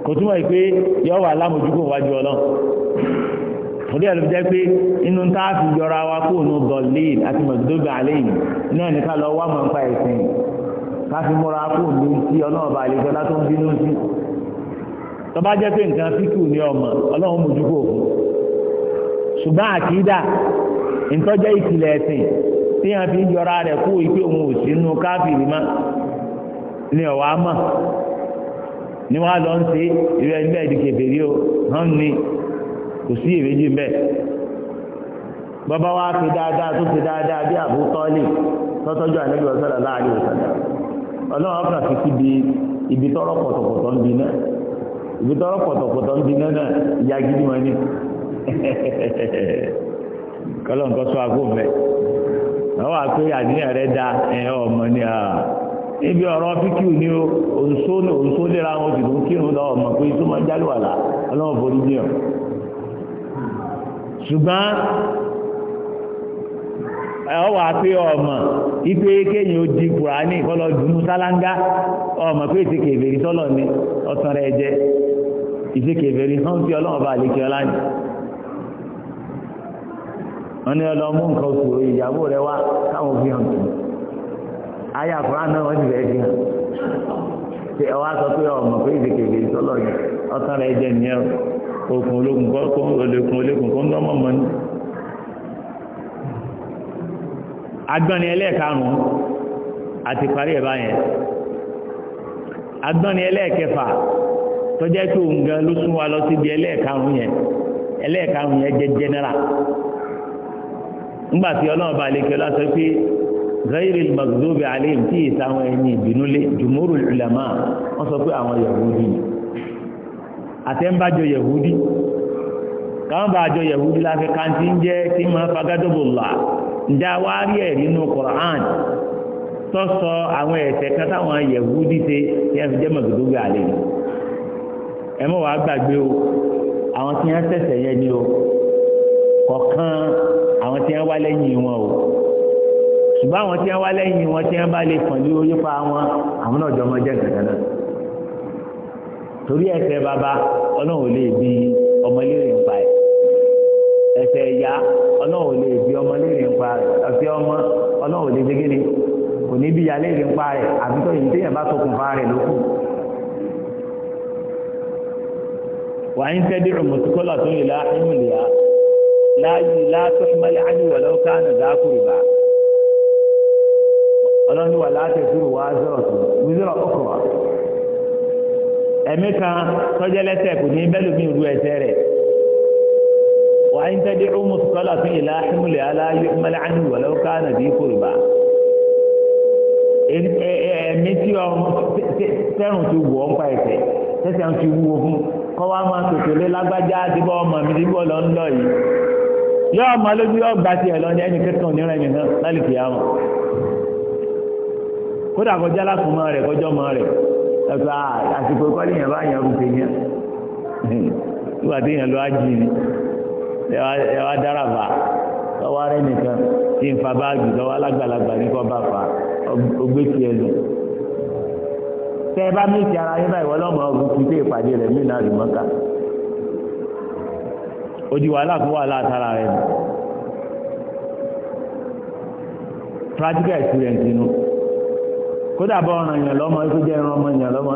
Speaker 1: kò túmọ̀ pé yọ wà lámójúkò wájú ọlọ́run torí ẹ̀ ló jẹ́ pé inú tá a fi yọra wa kó nu gọ̀lẹ́ẹ̀d àti mọ̀tòdógbà àlẹ́yìn náà nìkan lọ wá mọ̀ nǹkan fíkù ní ọmọ ọlọ́run mójúkò òkú ṣùgbọ́n àkìdá ntọ́jẹ́ ìkìlẹ̀ ẹ̀sìn tí wọ́n fi yọra rẹ̀ kú ìpè òun ò sínú káfíìrì mọ́ ni ọ̀wá mọ̀ ni wọ́n á lọ ń ṣe ìrẹ́ hàn ní kò sí ìrẹ́jì mbẹ́ bàbá wa fi dáadáa tó fi dáadáa bí tọ́tọ́jú àlejò láàrin ọlọ́run ibi pọ̀tọ̀pọ̀tọ̀ ń ibi pọ̀tọ̀pọ̀tọ̀ ń náà gidi wọn kọ́lọ̀ nǹkan tó agbó mẹ́ àwọn àpé àníyàn rẹ̀ da ẹ̀yàn ọmọ ní à níbi ọ̀rọ̀ píkìú ní òǹso lera wọn sì tún kírun ọmọ pé tó máa ń ọmọ ipe kéyìn ó di kùránì kọ́lọ̀ dùnú sálángá ọmọ pé ètè kèfèrí wọ́n ní ọlọ́ mú nǹkan oṣù ìyàwó rẹ wá káwọn fi hàn tún ayé àkùrá náà wọ́n ti rẹ̀ fi hàn ṣe ẹ sọ pé ọmọ pé ìdèkèdè sọlọ yìí ọtán rẹ jẹ nìyẹn okùn ológun kọ olókun olókun kó ń lọ mọ̀mọ́ ní. agbọ́ni ẹlẹ́ẹ̀karùn-ún àti parí ẹ̀ báyẹn agbọ́ni ẹlẹ́ẹ̀kẹfà tọ́jà tó ń gan ló sún wa lọ síbi ẹlẹ́ẹ̀karùn-ún yẹn ẹlẹ́ẹ̀karùn-ún yẹn jẹ́ general ńgbàtí ọlọ́run bá lè kẹlá sọ pé gairil magdubi alayhim tí ìta àwọn ẹni ìbínú lé jùmúrù ulama wọ́n sọ pé àwọn yahudi àtẹ́ńbàjọ yahudi káwọn bá àjọ yahudi láfi káńtì ń jẹ́ kí máa fagadọ́bò là ǹjẹ́ àwárí ẹ̀ nínú Qur'an tó sọ àwọn ẹ̀ṣẹ̀ kan yahudi ṣe tí wọ́n fi jẹ́ magdubi alayhim ẹ mọ̀ wàá gbàgbé o àwọn tí wọ́n ṣẹ̀ṣẹ̀ yẹn ni o kọ̀ọ̀kan àwọn tí wọ́n wá lẹ́yìn wọn o ṣùgbọ́n àwọn tí wọ́n wá lẹ́yìn wọn tí wọ́n bá lè kàn lé orí pa wọn àwọn náà jọ ọmọ jẹ́ gàdá náà torí ẹsẹ̀ bàbá ọlọ́run ò lè bí ọmọlẹ́rìn pa ẹ̀ ẹsẹ̀ ìyá ọlọ́run ò lè bí ọmọlẹ́rìn pa rẹ̀ ọ̀sẹ̀ ọmọ ọlọ́run ò lè dégé ni kò ní bí ìyálẹ́rìn pa rẹ̀ àbíkọ́ yìí téèyàn bá ṣokùnfà rẹ̀ lókù. wàá ń tẹ́ dírò mọ̀tíkọ́là tó lè la ẹ̀yìn lè láàyè látọ́símọ́lẹ̀ ánì wọ̀ lọ́wọ́ káànà zákùrì bá ọlọ́ni wà láti dúró wá zọ̀rọ̀ tó wíṣọ̀rọ̀ ọkọ̀ wa ẹ̀mí kan tọ́jẹ́ lẹ́sẹ̀ kò ní bẹ́ẹ̀ lómi ìlú ẹsẹ̀ rẹ̀ wà á ń tẹ́jú ọmọ sọ́lá fún ìlà ọ yóò máa lójú yóò gba tiẹ̀ lọ ní ẹni kẹ́kọ̀ọ́ ní rẹ̀ nìkan lálẹ́ kìí àwọn kódà kọjá lásùnmọ́ rẹ̀ kọjọ́ mọ́ rẹ̀ ẹ̀fà ah, àsìkò kọ́lé yẹn bá yẹn rúbe yẹn nígbà tí yẹn lọ ájì ni ẹ wá dára bá lọ́wọ́ rẹ̀ nìkan tí n fa báàgì lọ́wọ́ alágbàlagbà ní kọ́ bá fa ọgbẹ́ tiẹ̀ lọ tẹ́ ẹ bá mí ti ara yín báyìí wọ́n lọ́mọ ọ̀gùn ìpàdé rẹ̀ mí náà rí mọ́ka ó di wàhálà fún rẹ̀ practical experience inú kódà bọ́ ọ̀ràn èèyàn lọ́mọ ikú jẹ́ ẹran ọmọ èèyàn lọ́mọ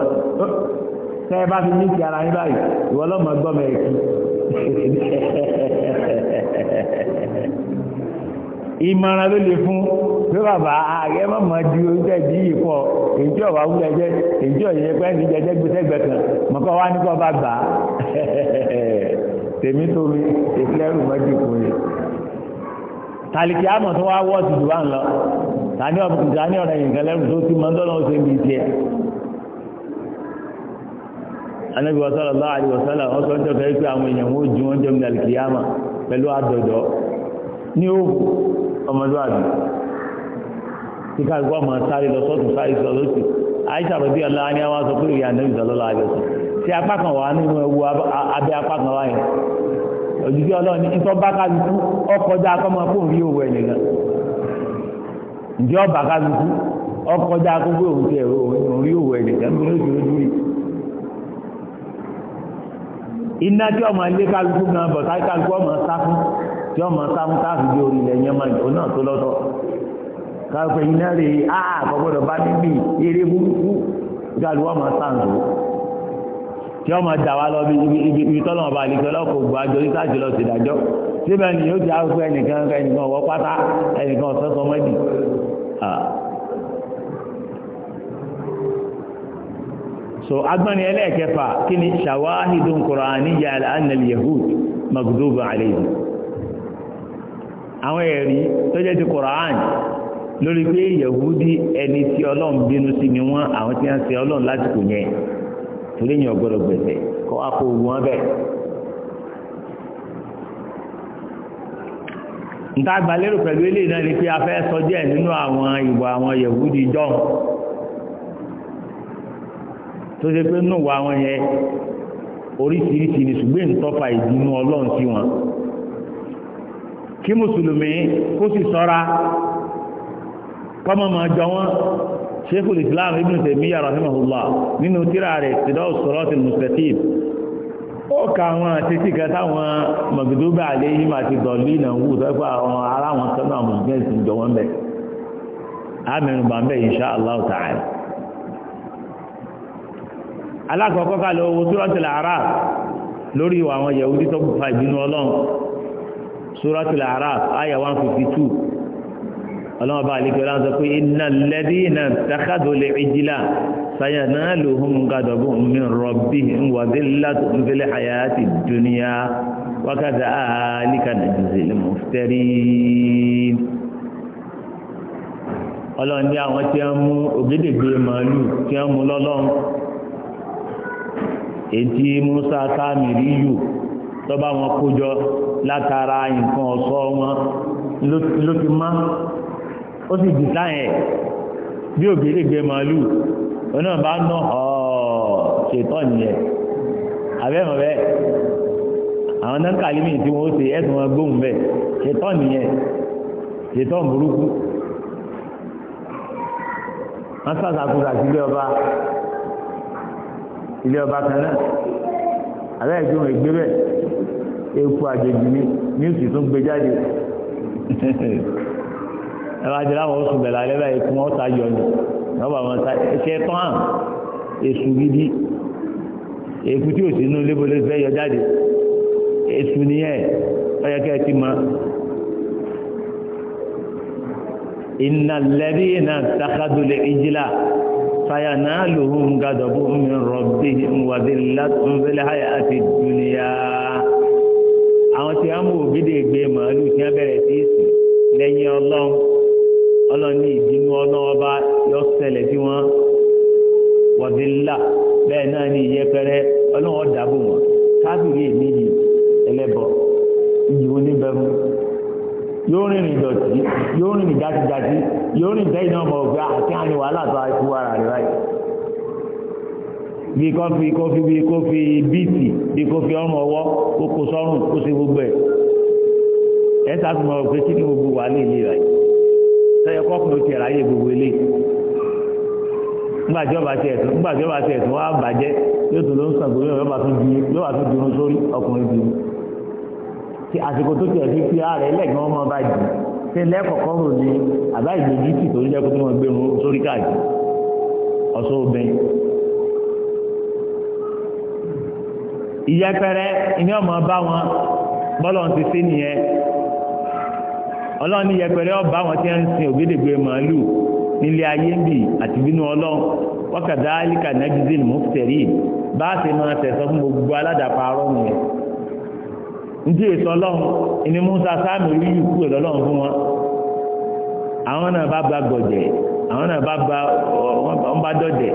Speaker 1: tẹ́ ẹ bá fi ní ti ara yín báyìí ìwọ lọ́mọ gbọ́mọ ẹ̀kí ìmọ̀ràn ló lè fún pé bàbá ààrẹ mọ̀mọ́ di oúnjẹ bí yìí èyí ọ̀wà oúnjẹ jẹ́ èyí ọ̀yẹ́ pẹ́ẹ́nì jẹjẹ́ gbẹ́sẹ̀gbẹ̀ mọ̀kọ́ wá ní kọ́ bá gbà á tèmi tómi ìfilẹ́rù mọ́jì kún yìí tàlìkì àmọ̀ tó wá wọ́ ti dùbà ń lọ tani ọ̀bùkún tani ọ̀rẹ́ yìí kẹlẹ́rù tó ti mọ́tò náà ṣe ń bi tiẹ̀ anabi wasala allah ali wasala wọn sọ ń tẹfẹ pé àwọn èèyàn wọn ò ju wọn jẹun dàlùkì yàmà pẹ̀lú àdọdọ ní ó ọmọdéwàbí kíkà gbọ́ ọmọ ti apá kan wà nínú ewu abẹ́ apá kan wáyé òjijì ọlọ́run ní ìtọ́ bá kálukú ọkọjá akọ́mọ fóun rí owó ẹ̀yìn gan ǹjẹ́ ọba kálukú ọkọjá akọ́gbé òun ti ẹ̀rọ rí owó ẹ̀yìn gan dúrí iná tí ọmọ ilé gan bọ̀ táyé ọmọ tí ọmọ táàfù dé orí ilẹ̀ náà tó lọ́tọ̀ iná rèé tí wọ́n máa dàwa lọ bí ibi tọ́lọ̀ ọba àlejò ọlọ́kọ̀ ògbó àjọ yìí sáàjì lọ sí ìdájọ́ síbẹ̀ ni yóò ti àwọn ẹnìkan ẹnìkan ọ̀wọ́ pátá ẹnìkan ọ̀sọ́sọ́ mọ́dì. so agbani ẹlẹ́ẹ̀kẹfà kí ni ṣàwáhìdùn kùránìyà al'annal yahud magdubu alayhi àwọn ẹ̀rí tó jẹ́ ti kùránì lórí pé yahudi ẹni tí ọlọ́run bínú sí ni wọ́n àwọn tí wọ́n ń ṣe ọlọ́run lásìkò yẹn torí èèyàn gbọ́dọ̀ gbẹ̀sẹ̀ kọ́ akọ ogun wọn bẹ́ẹ̀. nta gbalérò pẹ̀lú eléyìí náà ni pé a fẹ́ sọ díẹ̀ nínú àwọn ìwà àwọn yẹ̀wúdi jọ́hún tó ṣe pé nínú ìwà àwọn yẹn oríṣiríṣi ni ṣùgbọ́n ìtọ́fà ìdùnnú ọlọ́run sí wọn kí mùsùlùmí kó sì sọ́ra kọ́mọ́ jọ wọ́n sheikhul islam ibn taymiyyah rahimahullah nínú tírà rẹ̀ tìdọ́ sọ̀rọ̀tì mustaqim ó ka àwọn àtẹ́tì kan táwọn magdubi alayhim àti dọ̀lí náà wù sọ́pọ̀ àwọn ará wọn kan náà mùsùlùmí sì ń jọ wọn bẹ̀ á mẹ́rin bá ń bẹ̀ insha allah ta'ala alákọ̀ọ́kọ́ ká lọ wo suratul a'raf lórí ìwà àwọn yahudi tó fa ìbínú ọlọ́run suratul a'raf àyà 152 ọlọ́mọba àlejò ọlọ́run sọ pé iná lẹ́dí iná takadolè ìjìlá sáyà náà ló hún gàdọ̀bù mi rọ̀bì ńwọ̀dé látò ń fẹ́lẹ́ àyà ti dúníyà wákàtí àlíkà nàìjíríà mọ̀ fẹ́rí. ọlọ́run ní àwọn tí wọ́n mú ògédègbè màálù tí wọ́n mú lọ́lọ́run ètí musa kámìrí yù tọ́ba wọn kójọ látara nǹkan ọ̀ṣọ́ wọn ló fi má ó sì dì sáyẹn bí ògbélégbé màálù oní ọba ná ṣètọ́ nìyẹn àbẹ́mọ̀ bẹ́ẹ̀ àwọn náǹkà límì tí wọ́n ṣe ẹ̀sùn wọn gbóhùn bẹ́ẹ̀ ṣètọ́ nìyẹn ṣètọ́ burúkú wọ́n sàṣàkóso àti ilé ọba ilé ọba kan náà àbẹ́ ìjọ wọn gbé bẹ́ẹ̀ eku àjèjì ni ní oṣù tó ń gbé jáde. ẹ̀rọ ajẹ́ láwọn oṣù bẹ̀rẹ̀ alẹ́ báyìí kí wọ́n ta yọ̀ ní lọ́ba wọn ta ẹ̀ṣẹ̀ tán hàn èṣù gidi èkú tí òsì inú lébólé fẹ́ yọ jáde èṣù nìyẹn ọyọ kẹ́ ẹ ti mọ. inna alladhina takhadul ijla sayanaluhum ghadabun min rabbihim wa dhillatun fil hayati dunya àwọn tí a mú òbí dè gbé màálù tí a bẹ̀rẹ̀ sí í lẹ́yìn ọlọ́run ọlọ́ni ìbínú ọlọ́ọba yọ ṣẹlẹ̀ sí wọn wọ̀dílà bẹ́ẹ̀ náà ní ìyẹpẹrẹ ọlọ́wọ́ dàbò wọn kábìrì èmi yìí ẹlẹ́bọ ìyí oníbẹ̀mú yóò rìn rìn dọ̀tí yóò rìn rìn jájíjájí yóò rìn tẹ́yìn náà mọ̀ òfin àti àní wàhálà tó àìkú ara rẹ̀ láì bí kọfí kọfí bí kọfí bíìtì bí kọfí ọrùn ọwọ́ kókó sọ́rùn kó ṣe gbogbo ẹ̀ ẹ̀ sáà tún mọ̀ òfin kí ni gbogbo wàhálà ilé yìí sẹ́yẹ kọ́kùnrin ti ráyè gbogbo ilé ńgbàjọba ti ẹ̀sùn ńgbàjọba ti ẹ̀sùn wá bàjẹ́ yóò tún ló ń sàn gbòmìnira yóò bá tún di yóò bá tún di irun sórí ọkùnrin di ti àsìkò tó tiẹ̀ fi fi ààrẹ lẹ́gbẹ̀ẹ́ wọn máa bá jù ṣe lẹ́kọ̀ọ́kọ́ rò ní àbá ìgbèjì tì tó ń jẹ́ kó tó wọn gbé irun sórí káàkiri ọ̀ṣọ́ obìnrin ìyẹpẹrẹ ìní ọmọ bá wọn bọ́lọ̀ ti sí nìyẹn ọlọ́run ní yẹpẹrẹ ọba àwọn tí ń sin ògédègbè màálù nílé ayé ń bì àti bínú ọlọ́run wákàtí alíkà nàìjíríà ní mọ́fìtẹ́rì bá a ti máa tẹ̀sán fún gbogbo aládàpárọ̀ nìyẹn njẹ́ ètò ọlọ́run ìní musa sáàmì rí ikú ẹ̀ lọ́lọ́run fún wọn àwọn náà bá ba gbọ̀jẹ̀ àwọn náà bá ba wọn bá dọ̀jẹ̀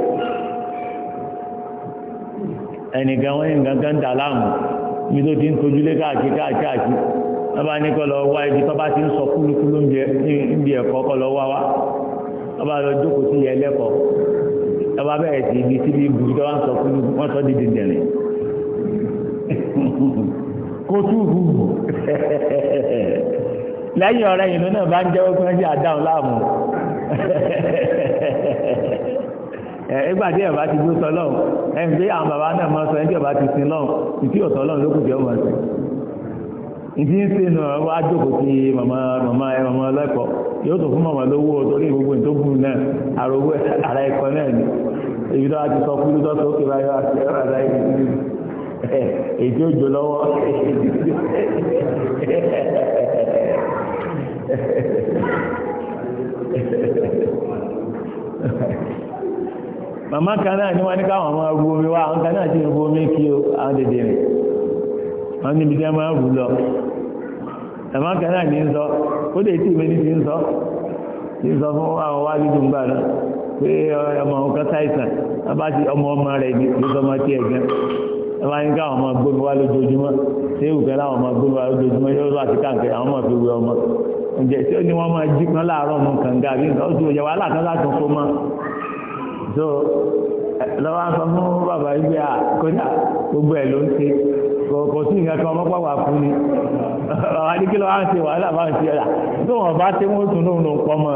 Speaker 1: ẹnìkan wọn yẹn gangan dà láàmú mi tó ti ń tójúlé káàkiri káàkiri káàkiri. ọba ní wá ibi ti ń sọ kúlúkúlú níbi ẹ̀kọ́ lọ wá wá tọ́ba lọ jókòó sí ilẹ̀ ẹlẹ́kọ̀ọ́ tọ́ba bẹ̀rẹ̀ sí ibi síbi ibùdó tọ́ba ń sọ sọ dídì yìí bá ń pé àdáhùn láàmú tí bá ti gbó sọ ọba ti sin ìtí ìdí ń ṣe nà wá jókòó sí mama màmá ẹ màmá ọlẹ́kọ̀ọ́ yóò tó fún lówó torí gbogbo tó gùn náà àròwé ara ẹ̀kọ́ náà ni a ti sọ fún lójọ́ sókè báyọ̀ àti ẹ̀rọ àdáyé èyí tí jò lọ́wọ́ kan náà ni wọ́n ní káwọn ọmọ omi wá àwọn kan náà omi kí o àwọn dèdè rẹ̀ wọ́n níbi ẹ̀mọ́ kẹ́rẹ́ ní sọ ó lè tí ìmẹ́ni ti ń sọ ti sọ fún àwọn wá dídùn gbà náà pé ọmọ nǹkan sáìsàn bá ti ọmọ ọmọ rẹ̀ ní ọmọ tí èwù kẹ́ láwọn ọmọ gbóni wá lójoojúmọ́ yóò láti káàkiri àwọn ọmọ fi wé ọmọ ǹjẹ́ tí ó ní wọ́n máa jí kan láàárọ̀ mú kànga bí nǹkan ó ti wòye wàhálà kan láti kó mọ́ so lọ́wọ́ sọ fún bàbá kò sí nǹkan kan ọmọpá wà fún ni àwọn á ń ṣe wàhálà máa ń ṣe ọ̀la tó wọn bá ṣe wọn tún lóun ló ń pọ mọ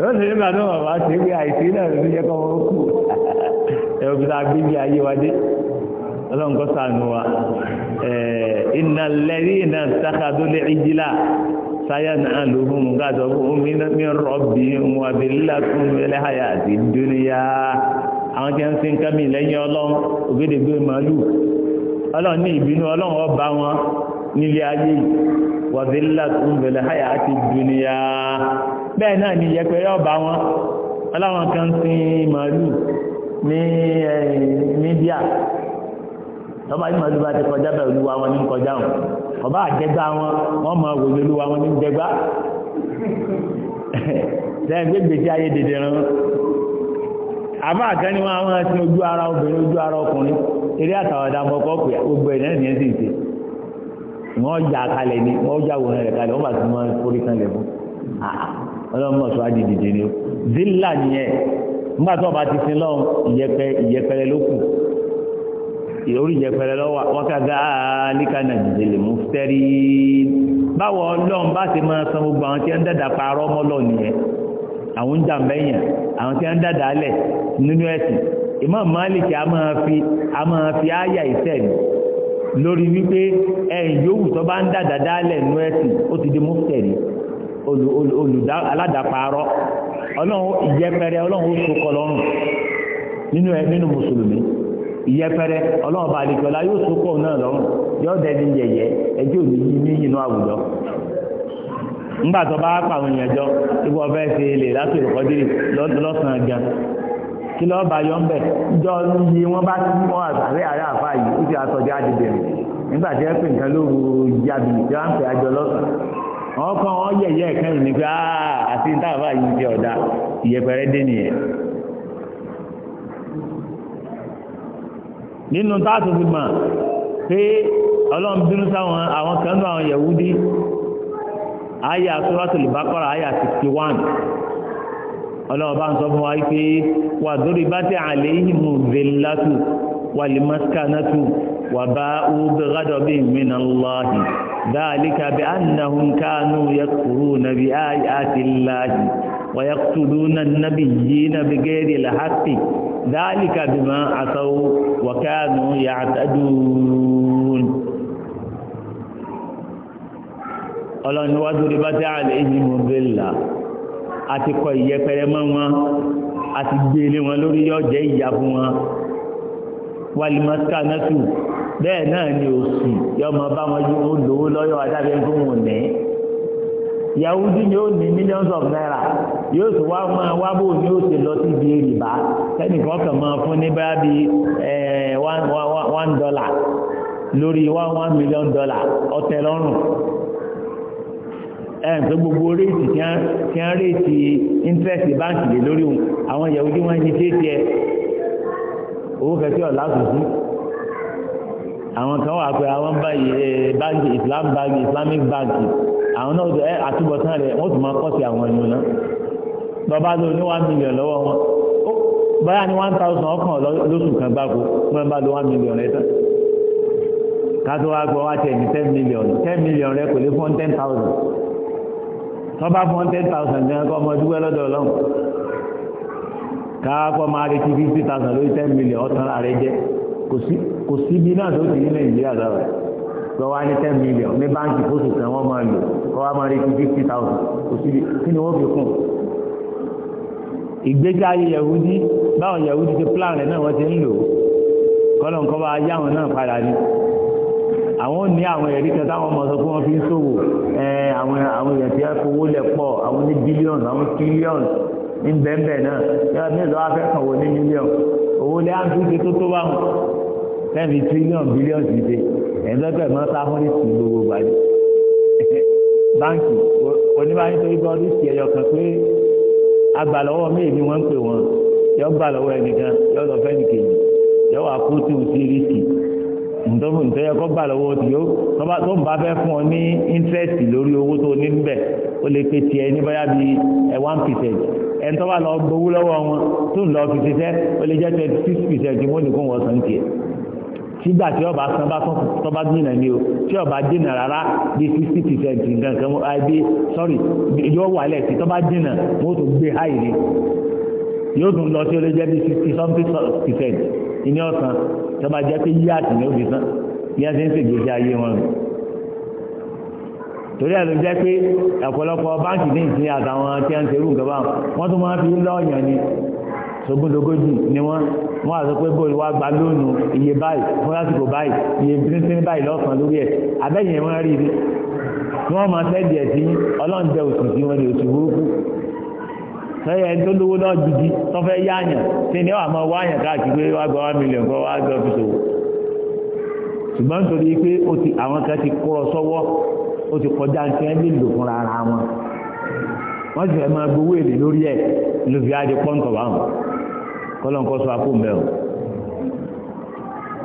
Speaker 1: lọ́sẹ̀ nígbà tó wọn bá ṣe pé àìsí náà ló yẹ wọn kú ta gbígbé ayé wa dé ọlọ́run kọ́ sànù wa iná lẹ́rí iná sákàdó ìjìlá sáyà náà ló un fún mi rọ̀bì àti àwọn ń kámi lẹ́yìn ọlọ́run màálù ọlọ́run ní ìbínú ọlọ́run ọba wọn nílé ayé wàzílá tó ń bẹ̀lẹ̀ háyà àti dúníyà bẹ́ẹ̀ náà ni yẹpẹrẹ ọba wọn ọlọ́run kan sí màálù ní mídíà tọ́ba ní màálù bá ti kọjá bẹ̀rẹ̀ olúwa wọn ní kọjá wọn ọba àjẹgbá wọn wọ́n mọ òwòlú olúwa wọn ní jẹgbá lẹ́yìn eré àtàwàdà mọ́kọ́ pé gbogbo ẹ̀ náà ní wọ́n kalẹ̀ ni wọ́n kalẹ̀ wọ́n bá ti mọ orí kan lẹ̀ fún ọlọ́mọ sọ dìde ni o zilla nìyẹn nígbà tí wọ́n bá ti sin lọ́hùn ìyẹpẹrẹ ìyẹpẹrẹ ló kù orí ìyẹpẹrẹ lọ́wọ́ wákàtí náà dìde lè mú fẹ́rí báwo ọlọ́run bá ti máa san gbogbo àwọn tí wọ́n parọ́ mọ́lọ́ nìyẹn àwọn ń jà mẹ́yìn àwọn Imam Malik a máa fi a máa fi áyà ìṣẹ́ ni lórí wípé ẹ̀yìn yòówù tó bá ń dàdà dálẹ̀ nú ẹ̀sìn ó ti di mọ́tẹ̀rì olùdá aládàpárọ́ ọlọ́run ìyẹpẹrẹ ọlọ́run ó sokọ lọ́rùn nínú ẹ nínú mùsùlùmí ìyẹpẹrẹ ọlọ́run bá àlejò ọlá yóò sokọ náà lọ́rùn yóò dẹni yẹyẹ ẹjọ́ òní yí ní yìnyín àwùjọ ńgbà tó bá pàwọn èèyàn jọ ibú ọfẹ́ ṣe lè látò ìkọ́dé lọ́sàn-án gan kí lọ́ọ́ bá yọ ń bẹ̀ jọ iye wọn bá tí wọ́n àtàrí àrẹ àfa yìí ó ti àtọ̀jẹ́ àdìbẹ̀rẹ̀ nígbà tí ẹ pè nǹkan lóru jàbì tí wọ́n ń pè àjọ lọ́sàn àwọn kan wọ́n yẹ̀yẹ́ ẹ̀kan yìí ni pé ah, àti táàfà yìí ti ọ̀dà ìyẹ̀pẹ̀rẹ̀ dé nìyẹn nínú táàtù fi mọ̀ pé ọlọ́run bínú sáwọn àwọn kan náà àwọn Yẹ̀wúdí àyà Suratul Baqara àyà 61 ọlọ́ọ̀bá ń sọ fún wa pé wà dórí bá tẹ àlẹ́ yìí mú vélátù wà lè tù wà bá ọdún rádọ̀ bí mìíràn lọ́hìn ذلك بأنهم كانوا يكفرون بآيات الله ويقتلون النبيين بغير الحق ذلك بما عصوا وكانوا يعتدون ọlọ́niwájú rí bá tí a lè yí mú bí láà àti kọ ìyẹpẹrẹ mọ́ wọn àti gbélé wọn lórí yọ jẹ́ ìyà fún wọn wàlìmọ́síkà náà tù bẹ́ẹ̀ náà ni òsì yọ mọ bá wọn yóò lówó lọ́yọ́ adábẹ́ ń fún wọn nẹ́ yahudi ni ó ní millions of naira yóò sì wá máa wá bò ní ó ti lọ sí ibi èrìbá sẹ́nìkan kàn máa fún ní bá bí eh, lórí one million dollar ọ̀tẹ̀ ẹ̀ǹfẹ́ gbogbo réètì tí wọ́n réètì íńtírẹ́sì báǹkì lé lórí òun àwọn ìyàwó tí wọ́n ti dé tiẹ̀
Speaker 2: owó kẹtí ọ̀la tuntun
Speaker 1: àwọn kan wà pé àwọn báńkì Islam báńkì Islamic báńkì àwọn náà ẹ àtúbọ̀tán rẹ̀ wọ́n tún máa kọ́ sí àwọn ẹ̀yìn náà bàbá lò ní one million lọ́wọ́ wọn báyà ní one thousand ọkàn lóṣù kan gbáko wọ́n bá lo one million rẹ̀ tán kátó wá gbọ́ wá tẹ̀ ní ten million ten million rẹ̀ kò lè fún ten thousand tọ́ bá fún ten thousand gan kọ́ ọmọ dúpẹ́ lọ́dọ̀ ọlọ́run káàkọ́ máa rí ti fifty thousand lórí ten million ọ̀tàn ààrẹ jẹ́ kò sí bí náà tó ti ní nàìjíríà dára lọ wá ní ten million ní báńkì fóṣù kan wọ́n máa lò kọ́ wá máa rí ti fifty thousand kò sí bí kí ni wọ́n fi kún ìgbésí ayé yahudi báwọn yahudi ti plan rẹ̀ náà wọ́n ti ń lò kọ́lọ̀ nǹkan bá yáwọn náà padà ní àwọn ní àwọn ẹ̀rí kan táwọn ọmọ sọ pé wọ́n fi ń ṣòwò àwọn àwọn èèyàn tí wọ́n fowó lẹ̀ pọ̀ àwọn ní bílíọ̀nù àwọn tírílíọ̀nù ní bẹ́ẹ̀bẹ́ẹ̀ náà yọ̀ọ́ mi lọ́wọ́ fẹ́ kàn wọ ní mílíọ̀nù owó lẹ́ àǹtúnṣe tó tó bá wọn tẹ́ẹ̀mì tírílíọ̀nù bílíọ̀nù ti dé ẹ̀ńdọ́gbẹ̀ mọ́ sáfúnì sí gbogbo gbàdé báńkì oníbàárà nítorí bọ́ọ̀lù sí ẹyọ kan pé agbàlọ́wọ́ míì ni wọ́n ń pè wọ́n yọ gbàlọ́wọ́ ẹnìkan yọ lọ fẹ́ nìkejì yọ wà kó ntọ́bù ntọ́yẹ kọ́ bá lọ́wọ́ tí ó tọ́ba tó ń bá fẹ́ fún ọ ní íńtírẹ́sì lórí owó tó ní níbẹ̀ ó lè pe tiẹ̀ ní báyà bí ẹ one percent ẹ̀ ntọ́ba lọ gbowó lọ́wọ́ wọn tó ń lọ fi ṣiṣẹ́ ó lè jẹ́ twenty six percent mo nìkún wọ́n san tiẹ̀ sígbà tí ọba san bá tán tọ́ba dínà ni o tí ọba dínà rárá bí sixty percent nǹkan kan ẹ bí sorry yóò wà lẹ́ẹ̀sì tọ́ba dínà mo tó gbé háì yóò tún lọ sí ó lè jẹ́ bí sixty something percent ní ọ̀sán tó bá jẹ́ pé yíyàtì ní òbí sán bí wọ́n ti ń ṣègbésí ayé wọn rẹ̀ torí ẹ̀ ló jẹ́ pé ọ̀pọ̀lọpọ̀ báńkì ní ìsìn àtàwọn tí wọ́n ń ṣerú nǹkan báwọn wọ́n tún máa fi lọ́ọ̀yàn ni sogúndogójì ni wọ́n wọ́n àti pé bóyá wá gba lóònù iye báyìí fún lásìkò báyìí iye bíntín báyìí lọ́sàn lórí ẹ̀ abẹ́yìn ẹ̀ wọ́n rí i wọ́n máa tẹ́lẹ̀ ẹ̀ sí ọlọ́ǹjẹ́ òsì sí wọn ní oṣù burúkú sọ́yẹ́ tó lówó náà gidi tó fẹ́ yáàyàn tí ni ó àmọ́ wáyàn káàkiri pé wá gba wá mílíọ̀n kọ́ wá gbọ́ fi ṣòwò ṣùgbọ́n nítorí pé ó ti àwọn kan ti kúrọ sọ́wọ́ ó ti kọjá ní ẹ lè lò fúnra ara wọn wọ́n sì fẹ́ máa gbowó èlé lórí ẹ̀ ló fi ájẹ pọ́ǹkọ̀ bá wọn kọ́lọ́n kọ́ sọ àpò mẹ́rin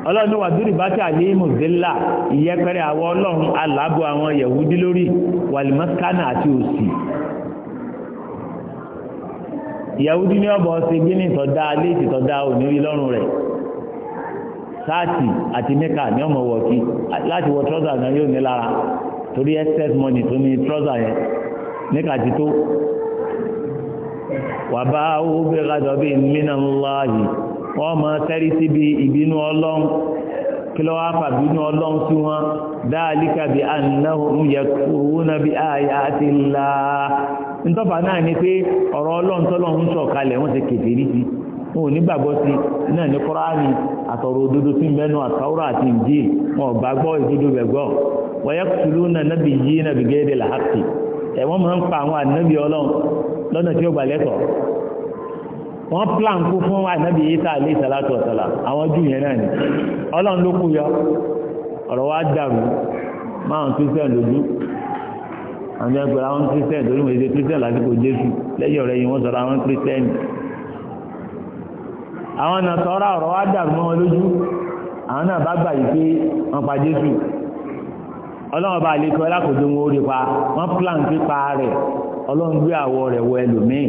Speaker 1: ọlọ́run wà dúrì bá tà ní mùsílà ìyẹ́pẹ̀rẹ̀ àwọn ọlọ́run aláàbò àwọn yẹ̀wúdí lórí wàlìmọ́sánà àti òsì Yahudi ní ọ̀bọ̀ ṣe gíní tọ́da léèkì tọ́da ònírí lọ́rùn rẹ̀ sáàtì àti mẹ́kà ní ọmọ wọ̀ kí láti wọ trọ́sà náà yóò ní lára torí excess money tó ní trọ́sà yẹn mẹ́kà ti tó wà bá owó bí kájọ bí mínà ńláàyè wọ́n máa tẹ́rí síbi ìbínú ọlọ́run kí àfà bínú ọlọ́run sí wọn dáàlíkà bí annahum yakfuruna bí ayati Allah ntọ́fà náà ni pé ọ̀rọ̀ ọlọ́run tọ́lọ́ ń sọ̀ kalẹ̀ wọ́n ti kètè rí sí wọn ò ní gbàgbọ́ sí náà ní kúránì àtọ̀rọ̀ òdodo tí ń bẹ́nu àtàwùrọ̀ àti ìjì wọn ò gbàgbọ́ ìdodo rẹ̀ gbọ́ wọ́yẹ́ kùtùlù náà nábì yí nábì gẹ́gẹ́ là hàpì ẹ̀wọ́n máa ń pa àwọn ànábì ọlọ́run lọ́nà tí ó gbà lẹ́tọ̀ wọ́n plan kú fún ànábì yìí sáà lé ìsàlátù àwọn jù yẹn náà ni ọlọ́run ló kú yọ ọ̀rọ̀ wa dàrú máa ń tún sẹ́yìn lójú àwọn jẹ́ pé àwọn kírísítẹ́nì torí wọ́n ṣe kírísítẹ́nì lásìkò jésù lẹ́yìn ọ̀rẹ́ yìí wọ́n sọ̀rọ̀ àwọn kírísítẹ́nì àwọn náà sọ̀rọ̀ ọ̀rọ̀ wá dàrú mọ́ wọn lójú àwọn náà bá gbà yìí pé wọ́n pa jésù ọlọ́run bá lè kọ́ lákòóso wọn ó rí pa wọ́n plan pípa rẹ̀ ọlọ́run gbé àwọ̀ rẹ̀ wọ ẹlòmíì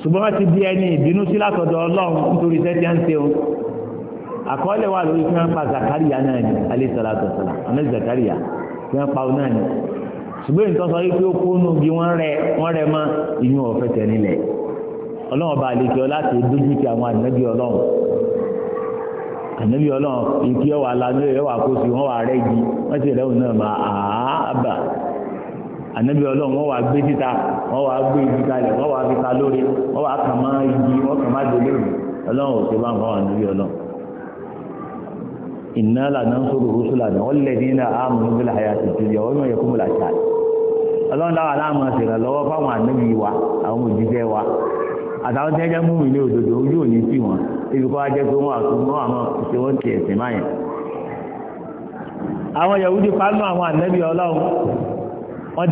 Speaker 1: ṣùgbọ́n wọ́n ti di ẹni ìbínú sí látọ̀dọ̀ ọlọ́run nítorí iṣẹ́ tí wọ́n ń ṣe àkọọ́lẹ̀ wà lórí kí wọ́n pa Zakaria náà ni alayhi salatu wassalam àmì Zakaria kí wọ́n pa ọ náà ni ṣùgbọ́n ìtọ́sọ yìí pé ó kónú bí wọ́n rẹ wọ́n rẹ mọ́ inú ọ̀fẹ́ tẹ̀ nílẹ̀ ọlọ́run ọba àlejò láti dójú ti àwọn ànábì ọlọ́run ànábì ọlọ́run ìkí ọwà lanu ẹ̀ wà kó sí wọ́n wà rẹ́ igi wọ́n sì rẹ́wọ̀n náà mà áábà ànábì ọlọ́run wọ́n wà gbé títa wọ́n wà gbé igi kalẹ̀ wọ́n wà fi ta lórí wọ́n wà kà igi wọ́n kà má dolóòrùn ò inna la nansuru rusulana walladina amanu bil hayati dunya wa ma yakumul ashhad ọlọ́run dáwà láàmú ṣèrànlọ́wọ́ fáwọn ànábì wa àwọn òjíṣẹ́ wa àtàwọn tí wọ́n jẹ́ múmi ní òdodo ojú òní sí wọn ibi kọ́ ajẹ́ pé wọ́n àtún mọ́ àwọn ìṣe wọ́n ti ẹ̀sìn máa yẹn. àwọn yahudi fánú àwọn ànábì ọlọ́run wọ́n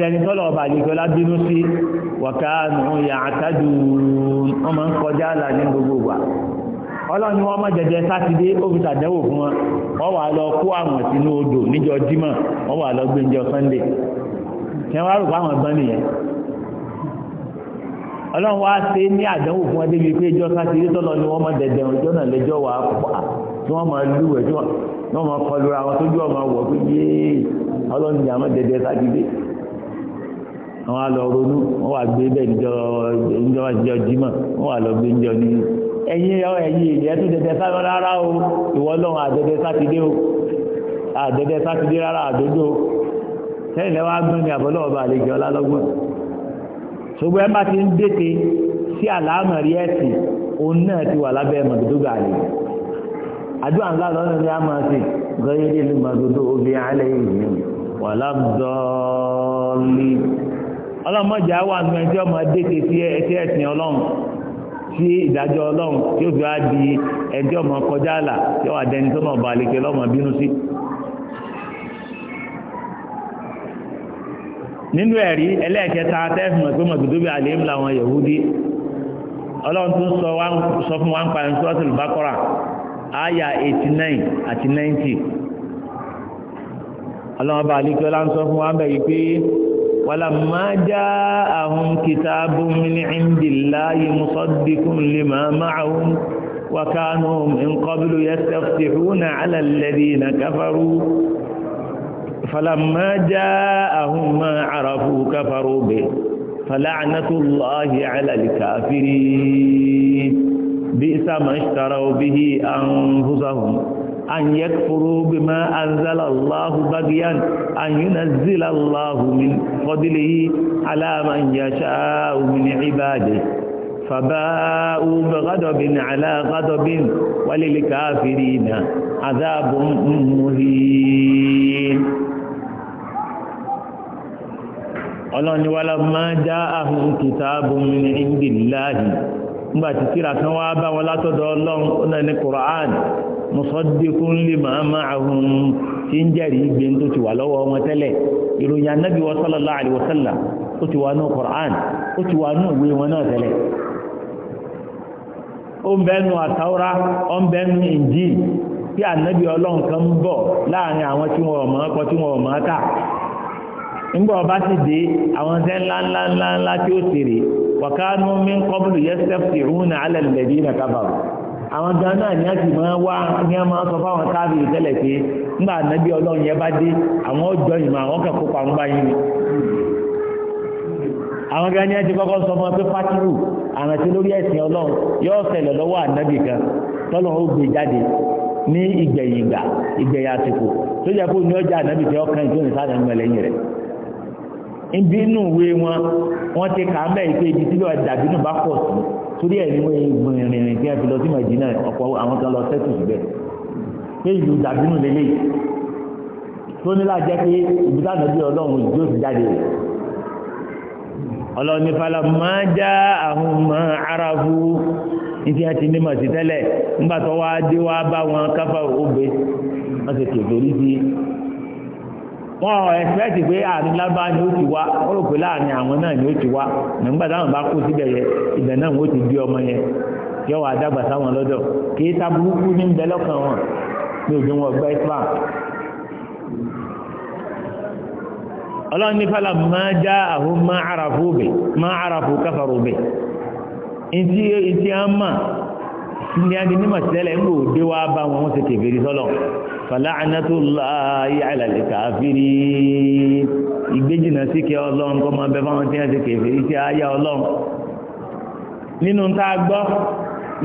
Speaker 1: dẹni ọlọ́run ni wọ́n mọ̀ jẹjẹ sátidé ó fi fún wọn wọ́n wà lọ kó àwọn sínú odò níjọ́ jímọ̀ wọ́n wà lọ gbé níjọ́ sunday rò àwọn gbọ́n nìyẹn ọlọ́run wá ṣe ní fún wọn débi pé ìjọ sátidé tọ́lọ ni wọ́n mọ̀ jẹjẹ náà lẹ́jọ́ wà á pa tí wọ́n lúwẹ̀ tí wọ́n wọn tójú ọmọ ẹ̀yin ẹ̀yin ènìyàn tó dẹ̀dẹ̀ sá lọ rárá o ìwọ lọ́wọ́ sátidé o àdẹ̀dẹ̀ sátidé rárá àdójó sẹ́yìn lẹ́wọ́ agbọ́n ní àbọ̀lọ́ ọba àlejò ọlálọ́gbọ̀n ṣùgbọ́n ẹ bá ti ń dètè sí àlámọ̀ rí ẹ̀sìn ti wà lábẹ́ mọ̀dúdúgà rẹ̀ àdúrà ńlá lọ́nà ní àmọ́ sí gọ́yẹ́dẹ́ ló máa dodo obìnrin alẹ́ yìí wà lábdọ́ọ́lì ọlọ́mọdé àwọn àgbẹ̀jọ́ máa dètè sí ẹ̀sìn ọlọ́run tí ìdájọ́ ọlọ́run tí ó fi wá di ẹjọ́ ọmọ kọjá àlà tí ó wà dẹni tó náà bá àlekè lọ́mọ bínú sí. nínú ẹ̀rí ẹlẹ́ẹ̀kẹta tẹ́fùmọ̀ pé mọ̀tòdóbi àlèémù làwọn yahudi ọlọ́run tún sọ fún wa ń parí sọ́ọ̀tìlù bákọ́rà àyà 89 àti 90 ọlọ́run bá àlekè ọlá ń sọ fún wa ń bẹ̀ yìí pé ولما جاءهم كتاب من عند الله مصدق لما معهم وكانوا من قبل يستفتحون على الذين كفروا فلما جاءهم ما عرفوا كفروا به فلعنة الله على الكافرين بئس ما اشتروا به أنفسهم an yakfuru bima anzala Allahu bagiyan an yunazzila Allahu min fadlihi ala man yasha'u min ibadihi faba'u bighadabin ala ghadabin walil kafirina adhabun muhin ọlọ́ni wala ma ja'ahum kitabun min indillahi nígbàtí tíra kan wá bá wọn látọ̀dọ̀ ọlọ́run ó náà ní Qur'an musaddiqun lima ma'ahum tí ń jẹ́rìí gbé tó ti wà lọ́wọ́ wọn tẹ́lẹ̀ ìròyìn anábì wa sallallahu alaihi wa sallam ó ti wà ní Qur'an ó ti wà ní ìwé wọn náà tẹ́lẹ̀ ó ń bẹ́nu àtàwọ́rá ó ń bẹ́nu Injil tí ànábì ọlọ́run kan ń bọ̀ láàrin àwọn tí wọ́n mọ̀ ọkọ̀ tí wọ́n mọ̀ ọ́ta ńgbà ọba sì dé àwọn ṣẹ́ ńláńláńlá tí ó tèrè wàkánú min qablu yastafti'una 'ala alladhina kafaru àwọn gan náà ní àti máa wá ní a máa sọ fáwọn káàbì tẹ́lẹ̀ pé nígbà nábì ọlọ́run yẹn bá dé àwọn ọjọ́ ìmọ̀ àwọn kan kópa ń bá yín ni àwọn gan ní àti kọ́kọ́ sọ fún pé lórí ẹ̀sìn ọlọ́run yóò ṣẹlẹ̀ lọ́wọ́ ànábì kan tọ́lọ́ ó gbé e jáde ní ìgbẹ̀yìn ìgbà ìgbẹ̀yìn àsìkò tó kó ní ọjà ànábì tí ọkàn ìjọ ń torí ẹ̀ ní wọ́n ìrìnrìn tí a fi lọ sí Màdínà ọ̀pọ̀ àwọn kan lọ sẹ́tù síbẹ̀ pé ìlú dàbínú lélẹ̀ tó ní láti jẹ́ pé ibi táwọn ẹbí ọlọ́run yóò ti jáde rẹ̀ ọlọ́run ní fàlà máa já àwọn ọmọ aráàfù ìdí àti nímọ̀ sí tẹ́lẹ̀ ńgbà tó wá dé wá bá wọn káfà ó gbé
Speaker 2: wọ́n ti tètè rí
Speaker 1: wọn ọ̀ pé àárín lábá ni ó ti wá wọ́n rò pé láàrin àwọn náà ni ó ti wá nígbà táwọn bá kó síbẹ̀ yẹ ibẹ̀ náà wọ́n ti bí ọmọ yẹn yọ wà dàgbà sáwọn lọ́dọ̀ kì í ta burúkú ní wọn ní wọn ọlọ́run ní fàlà máa já àhó máa àràfó bẹ̀ máa àràfó ní adi nímọ̀ sílẹ̀ ń lò dé wá bá wọn wọ́n ti kèfèrí sọ́lọ̀ fala'anatullahi 'ala al-kafirin ìgbéjìnà sí kí ọlọ́run kọ́ máa bẹ fáwọn tí wọ́n ti kèfèrí sí ayé ọlọ́run nínú tá a gbọ́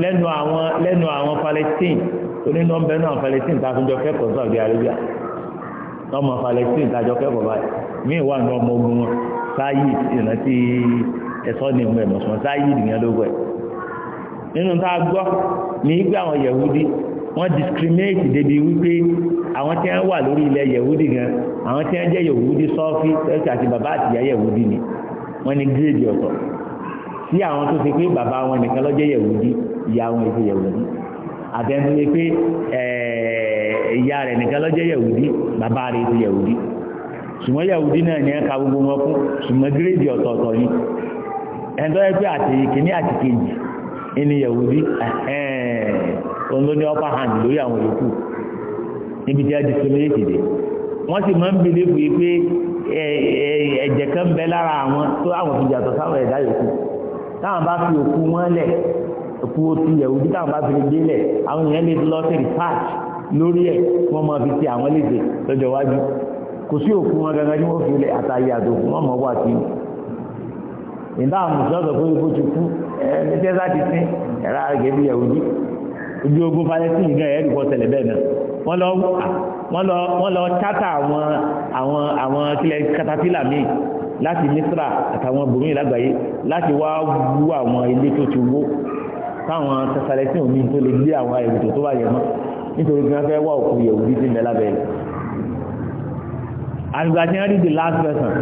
Speaker 1: lẹ́nu àwọn lẹ́nu àwọn Palestine onínú ọ̀bẹ náà Palestine tá a tún jọ kẹ́kọ̀ọ́ Saudi Arabia ọmọ Palestine tá a jọ kẹ́kọ̀ọ́ báyìí mí wà ní ọmọ ogun wọn sáyid ìrántí ẹ̀sọ́ ni ìmọ̀ ẹ̀ nínú tá a gbọ́ ní gbé àwọn yẹ̀wúdí wọ́n discriminate débi wípé àwọn tí wọ́n wà lórí ilẹ̀ yẹ̀wúdí gan àwọn tí wọ́n jẹ́ yẹ̀wúdí sọ́ọ́fì tẹ́sí àti bàbá àtìyá yẹ̀wúdí ni wọ́n ní gírèdì ọ̀tọ̀ sí àwọn tó ṣe pé bàbá wọn nìkan ló jẹ́ yẹ̀wúdí ìyá wọn èso yẹ̀wúdí àtẹnudẹ pé eh, ìyá rẹ̀ nìkan ló jẹ́ yẹ̀wúdí bàbá rẹ̀ èso yẹ̀wúdí ṣùgbọ́n yẹ̀wúdí náà ní ẹ̀ka gbogbo wọn kú ṣùgbọ́n gírèdì ọ̀tọ̀ọ̀tọ̀ ni ẹ̀ńtọ́ yẹ pé àti kìíní àti ẹni yahudi ọ̀hún ló ní upper hand lórí àwọn yòókù níbi tí a discriminate dé wọ́n sì máa ń believe yìí pé eh, eh, ẹ̀jẹ̀ kan bẹ lára àwọn tó àwọn fi yàtọ̀ sáwọn ẹ̀dá yòókù táwọn bá fi òkú wọn lẹ̀ òkú ti yahudi táwọn bá fi lè gbé lẹ̀ àwọn èèyàn lè lọ sí research lórí ẹ̀ wọ́n máa fi ti àwọn léde lọ́jọ́ iwájú kò sí òkú wọn gangan tí wọ́n fi lẹ̀ àtàyè àtòkù wọn mọ̀ wá sí i ìdá àmùsọ̀rọ̀ pé ó ti kú ẹni tẹ́ sá ti sín ẹ̀rá gẹ̀ẹ́bí yahudi ojú ogun falẹ́sìn gan ẹ̀rí kọ́ ṣẹlẹ̀ bẹ́ẹ̀ náà wọ́n lọ wọ́n lọ wọ́n lọ chata àwọn àwọn àwọn kílẹ̀ katapila míì láti misra àtàwọn bòmíì lágbàáyé láti wá wú àwọn ilé tó ti wó táwọn sẹsàlẹ́sìn omi tó lè gbé àwọn ẹ̀rùtò tó wà yẹn mọ́ nítorí gan fẹ́ wá òkú yahudi ti mẹ́lá bẹ́ẹ̀ àgbàjẹ́ rí the last person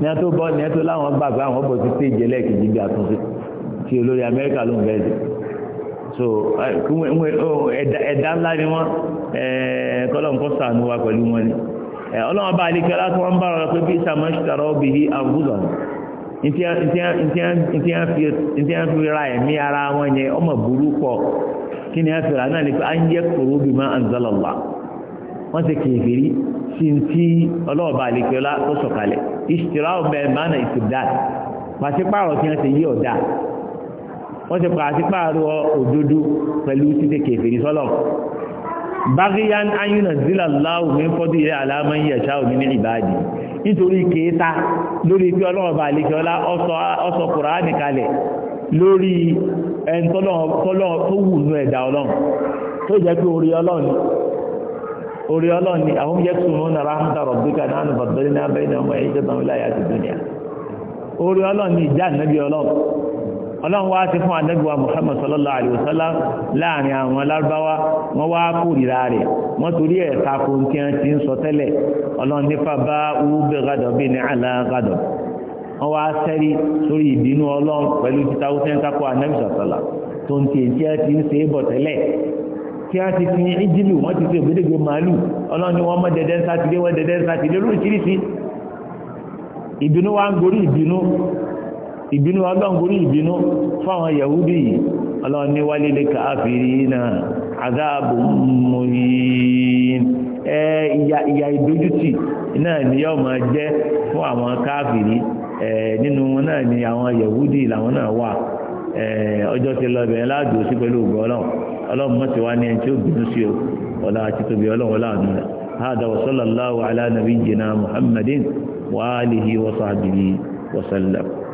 Speaker 1: ní ẹ tó bọ́ ní ẹ tó láwọn gbàgbé àwọn bọ̀ sí stage ẹlẹ́ẹ̀kejì bí àtúnṣe tí olórí amẹ́ríkà ló ń bẹ́ẹ̀ dé so ẹ̀dá ńlá ni wọ́n kọ́lọ̀ nǹkan sànù wa pẹ̀lú wọn ni ọlọ́wọ́n bá alẹ́ kẹ́lá tí wọ́n bá rọra pé bí sàmọ́ ṣùtàrọ́ bí i àbúzọ̀ ntí a fi ra ẹ̀mí ara wọn yẹn ọmọ burú tó sọ̀kalẹ̀ ìṣìṣẹ́ mánà pàṣípàrọ̀ tí wọ́n ti yí ọ̀dà wọ́n ti pàṣípààrọ̀ òdodo pẹ̀lú títẹ kèfèrí sọ́lọ̀ báríyán ayúnà zílà láwù mi fọ́dí ilẹ̀ aláàmọ́ yíyà ṣáà mi ní ìbáàdì nítorí kéta lórí pé ọlọ́run bá lè kíọ́lá ọsọ kùránì kalẹ̀ lórí ẹn tó wù ní abẹ́ ní ọlọ́run wá ti fún anẹ́gbẹ̀wà Muhammad sallallahu alaihi wasallam láàrin àwọn alárúbáwá wọ́n wá kórìíra rẹ̀ wọ́n torí ẹ̀ tako tí wọ́n ti ń sọ tẹ́lẹ̀ ọlọ́run nípa bá wúbẹ̀ gàdọ̀ bí ní àlá gàdọ̀ wọ́n wá sẹ́rí sórí ìbínú ọlọ́run pẹ̀lú títa wúsẹ́ kápọ̀ anẹ́gbẹ̀sọ̀tọ̀là tó ń tiẹ̀ tí wọ́n ti ń ṣe é bọ̀ tẹ́lẹ̀ tí wọ́n ìbínú agbáǹgorí ìbínú fáwọn yahudi yìí ọlọ́run ní wálé lè káàfìrí náà adáàbò mọ̀yìn ẹ ìyà ìdójútì náà ni yóò máa jẹ́ fún àwọn káàfìrí ẹ nínú wọn náà ni àwọn yahudi làwọn náà wà ẹ ọjọ́ ti lọ bẹ̀rẹ̀ láàdó sí pẹ̀lú ògbọ́ ọlọ́run ọlọ́run mọ̀ wa ní ẹni tí هذا وصلى الله على نبينا محمد وآله وصحبه وسلم